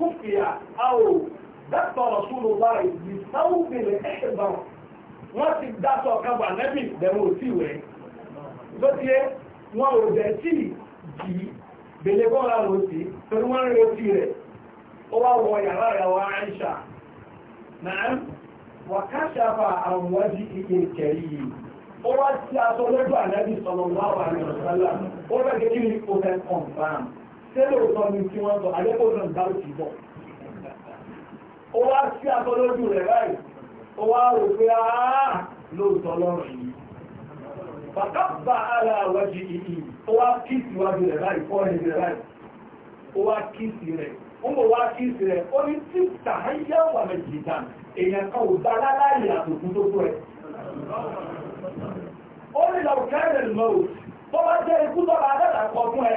كفي أو دفع رسول الله بثوب الإحبر wọ́n ti dáṣọ kábà nẹ́bì bẹ̀rù òtí rẹ̀ tó ti ẹ́ wọ́n ò bẹ̀ tí jì bèlè bọ́ọ̀lá ló ti torí wọ́n rí òtí rẹ̀ ó wá wọ yàrá rẹ̀ wá àìṣà náà wà káṣàfà àwọn wájú iye kẹrì yìí ó wá sí aṣọ lójú ànẹ́bì sọ̀rọ̀ wá wà ní tẹ́lẹ̀ òsọ ni tí wọ́n sọ àjẹ́kọ̀ọ́ náà dárò sí bọ̀. ó wá sí àtọ́lójú rẹ̀ báyìí ó wá rò pé áá lóòótọ́ lọ́rùn yìí. bàtà bá ara àwájú yìí ó wá kíìsì wájú rẹ̀ báyìí fọ́ọ̀rẹ́ rẹ̀ báyìí ó wá kíìsì rẹ̀ ó mọ̀ wá kíìsì rẹ̀ ó ní tí tàháyà wà méjì dàn èèyàn kan ò dá láláyè àtòkú tó tó rẹ̀. ó ní lọ kẹ́rẹ̀ lọ́wọ́ bọ́ bá jẹ́ ikú tọ́ba adẹ́ta kọ fún ẹ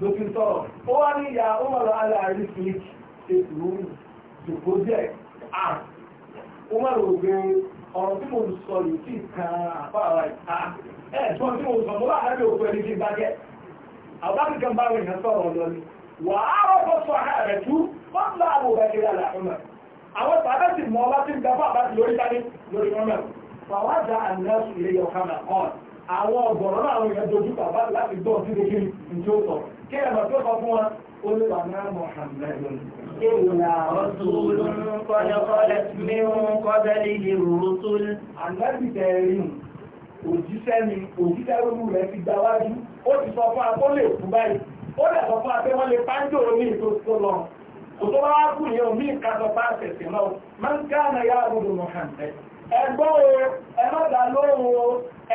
ló ó wá ní ìyá ó mọ̀ lọ́wọ́ aláàrí fi ṣe sùúrù jòkó díẹ̀ à ó mọ̀ lọ́wọ́ pé ọ̀rọ̀ tí mo sọ yìí sì kan àpáàrà ìta ẹ̀ tó tí mo sọ mo bá àárẹ̀ òkú ẹni tí ń bájẹ́ àbábí kan bá rìn sọ̀rọ̀ lọ ni wà á rọ́pọ̀ sọ àárẹ̀ tú wọ́n lọ àwọn òbẹ̀ kiri àwọn sì mọ ọba tí àbá ti kí ẹ̀rọ tó kọ fún wa olùwàmọ́ Muhammadun ìwòlà rọ́sùlùm kọ́lẹ̀kọ́lẹ̀ mẹ́rún kọ́bẹ̀lẹ̀ ìrù rọ́sùl àgbàbì tẹ̀rí òjíṣẹ́ ni òjíṣẹ́ olú rẹ̀ ti gba wájú ó ti sọ fún akó lè kú báyìí ó lè sọ fún akó wọn lè pàjọ omi tó tó lọ kò tó bá wá kù yẹn omi ìkàtọ̀ bá tẹ̀sẹ̀ náà máa ń ká àná yá àbúrò Muhammad ẹgbọ́n o ẹ má dá lóhùn o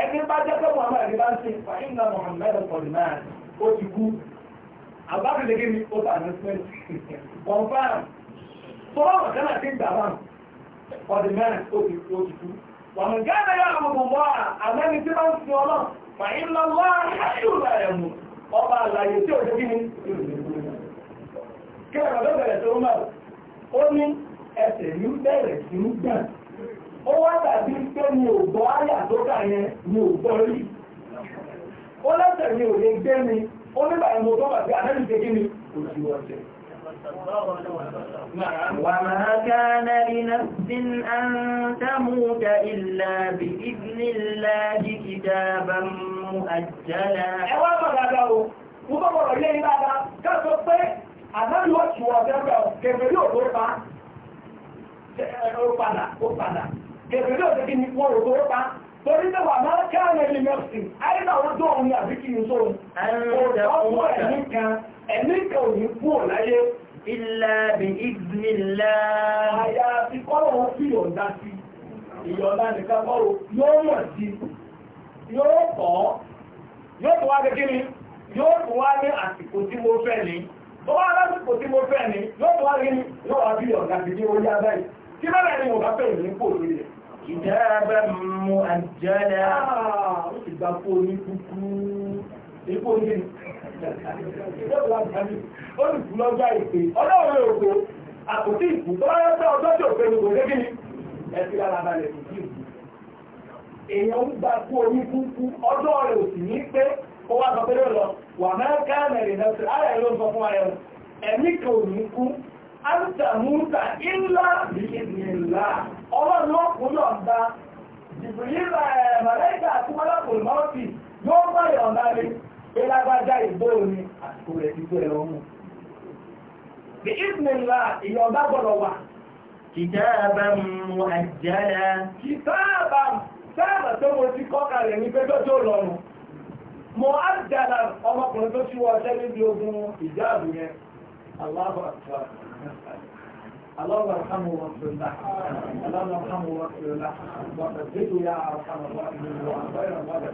ẹni bá jẹ́ pé Muhammad bá ń sin fàyínà Muhammad kọ̀ọ̀dùmáà ó ti kú àbábí lè gé mi ó bá announcement on farm tó bá wọn kánà tí ń dàbà ọdún mẹ́rin ó ti kú wọn gánà yà àwọn ọmọ wa àmẹ́ni tí wọ́n fi ọlọ́ fàyín lọ wá ayò láyẹ̀ mú ọba àlàyé tí ó dégbé ní kí ọ̀rọ̀ tó bẹ̀rẹ̀ tó mọ̀ ó ní ẹsẹ̀ ní bẹ̀rẹ̀ sí ń gbà ó wá dàbí pé mi ò gbọ́ àyà tó kà yẹn mi ò gbọ́ rí ó lẹ́sẹ̀ mi ò lè gbé mi ó nígbà ẹ̀mọ́ tó wà sí àdájú ṣe kí ni kò sí wọ́n ṣe. وما كان لنفس أن تموت إلا بإذن الله كتابا مؤجلا ẹwà mọ̀lára o púpọ̀ mọ̀rọ̀ ilé ní dáadáa kẹ́sọ pé àdájú ọ̀tù ọ̀dẹ́gbẹ̀ kẹfẹ̀rí òkú pa ó padà ó padà kẹfẹ̀rí òkú kí ni wọ́n òkú pa torí náà wà máa káàrẹ̀ ilé mẹ́sìn àìdá wọn tó òun ni àbí kì í sóhun ọ̀pọ̀ ẹ̀mí kan ẹ̀mí kan ò ní kú ò láyé ilẹ̀ bí ìgbìnlẹ̀ àyà àti kọ́rọ̀ wọn fi yọ̀ǹda sí ìyọ̀ǹda nìkan kọ́rọ̀ yóò mọ̀ sí yóò kọ́ yóò tó wá gẹ́gẹ́ ni yóò tó wá ní àsìkò tí mo fẹ́ ni tó wá lásìkò tí mo fẹ́ ni yóò tó wá gẹ́gẹ́ ni yóò wá orí abẹ́yìn tí bẹ́ẹ̀ ni mo bá fẹ́ ìlú kò ìdáàbà mú àjálà ah, ó ti kúkú epo ní olùkúlọ́gbà ìpè ọlọ́run òkú àkókò ìkú tó wáyé pé ọjọ́ tí òpin kò dé kíni ẹ̀fí lára balẹ̀ kò sí ìkú èèyàn ń gbà fún omi kúkú ọjọ́ rẹ̀ ò sì ní pé ó wá sọ pé lọ wà mẹ́ríkà mẹ́rin náà sí ara ló ń sọ fún ara ẹ̀mí kan ní kú àtàmúta ilá ịla ọlọ́run lọ́kùn náà dá ìbìlílà ẹ̀mọ̀lẹ́gbà tí wọ́n lápòrò mọ́ọ̀tì yóò báyọ̀ ọ̀dá rí elágbájá ìgbóòrin àtìkò rẹ̀ ti gbẹ̀rẹ̀ ọmọ bí ìbìlílà ìyọ̀dá gbọ́dọ̀ wà mo ọmọkùnrin tó ṣíwọ́ níbi ogun ìjáàbù yẹn اللهم ارحمه واغفر له اللهم ارحمه واغفر له وثبته يا ارحم الراحمين وخير الغدر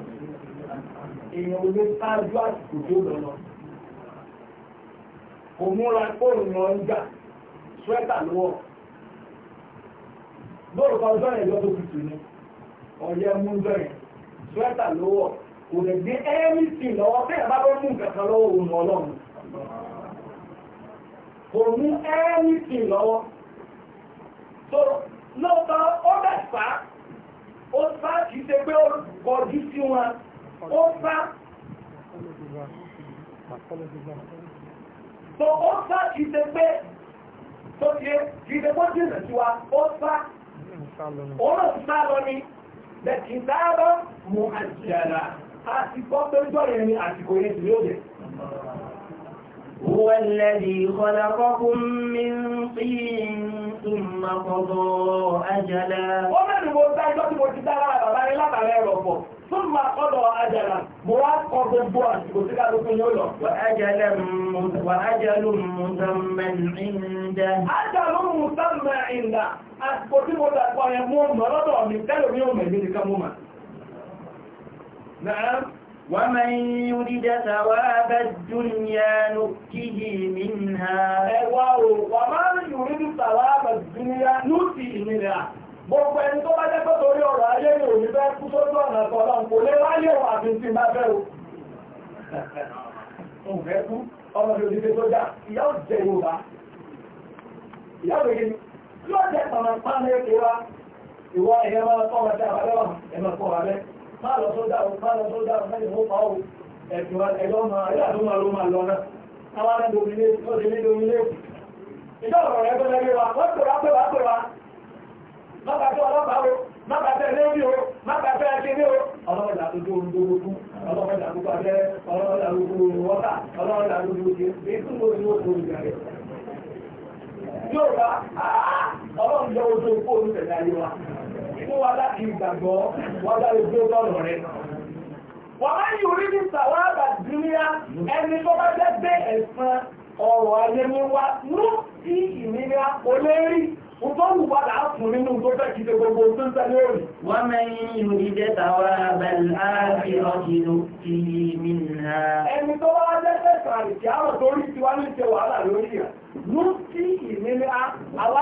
èèyàn ò lè ṣáájú àsìkò tó lọ́nà kò múra kóòrùn ọjà swẹ́tà lọ́wọ́ bóòrùn kan sọ́rọ̀ ẹ̀jọ́ tó tutù ni ọ̀yẹ́ mú bẹ̀rẹ̀ swẹ́tà lọ́wọ́ kò lè gbé ẹ́rìtì lọ́wọ́ bẹ́ẹ̀ bá bọ́ mú nǹkan kan lọ́wọ́ òun ọlọ́run kò mú ẹ́rìtì lọ́wọ́ tó lọ́tọ́ ó bẹ̀ fà á ó fà á kìí ṣe pé ó kọjú sí wọn ó fà á tó ó fà á kìí ṣe pé tó ṣe kìí ṣe pọ́jú ìrìn sí wa ó fà á sá lọ ni bẹ̀kì mú àjẹ́ra àti gbọ́ pé ń jọ́ yẹn ni àsìkò yẹn ti lóde. هو الذي خلقكم من طين ثم قضى أجلا ومن مرتاح مرتاح بابا لا بابا ثم قضى أجلا مراد قضى بوان وأجلا وأجل مسمى عنده أجل مسمى عنده أسكت مرتاح يا مو مرضى من تلو يوم من كموما نعم ومن يرد ثواب الدنيا نؤته منها ومن يرد ثواب الدنيا نؤته منها gbogbo ẹni tó bá jẹ́ pé torí ọ̀rọ̀ ayé ni òní fẹ́ kú tó tó ọ̀nà ẹ̀kọ́ ọlọ́run kò lé wáyé wà fi ti máa fẹ́ o ọ̀fẹ́ kú ọmọ mi òdíje tó já ìyá ò jẹ yorùbá ìyá òye ni yóò jẹ pàmò pàmò èkó wa ìwọ ẹ̀yẹ máa kọ́ ọmọdé àbálẹ́ wà ẹ̀mọ̀ kọ́ ọ̀rọ̀ abẹ́ Ma lọ tó dáhùn má lọ tó dáhùn mẹ́rin ó pa òun ẹ̀sùn ẹ̀lọ́ ọmọ ẹ̀yà tó máa ló máa lọ náà àwọn ará domine ó ti ní domine ìjọ ọ̀rọ̀ o inú wa láti ìgbàgbọ́ wọ́n dáre gbé lọ́rọ̀ rẹ̀ wọ́n máa ń yòrí ní sàwọn àgbà dúníà ẹni tó bá jẹ́ gbé ẹ̀sán ọ̀rọ̀ ayé mi wá ní ìnira olérí Ọjọ́rù padà fún nínú tó fẹ́ kí gbogbo tó ń tẹ́lé òrì. Wọ́n mẹ́rin inú ìjẹ́ tàwà bẹ̀rẹ̀ ààbì ọjìnú ti mìnà. Ẹni tó wá jẹ́fẹ́ sàrì kí á rọ̀ tó rí tiwá ní ṣe wàhálà lórí rẹ̀. Ló kí ìmìnira, àwa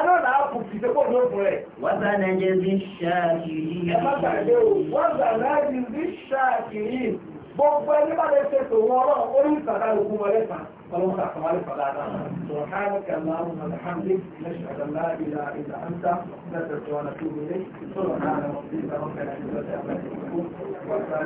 gbogbo ẹni bá lè ṣe tòun ọlọ́run ó ní ìtàdá ogun wọlé kan ọlọ́run tàkà wọlé padà náà sọ̀rọ̀ kàlá ọmọ alhamdi lẹ́ṣọ̀dọ̀lá ìlà ìlà àǹtà lẹ́sẹ̀ tó wà lọ́tún ilé sọ̀rọ̀ náà lọ́wọ́ sí ìtàwọn kẹlẹ́ ìjọba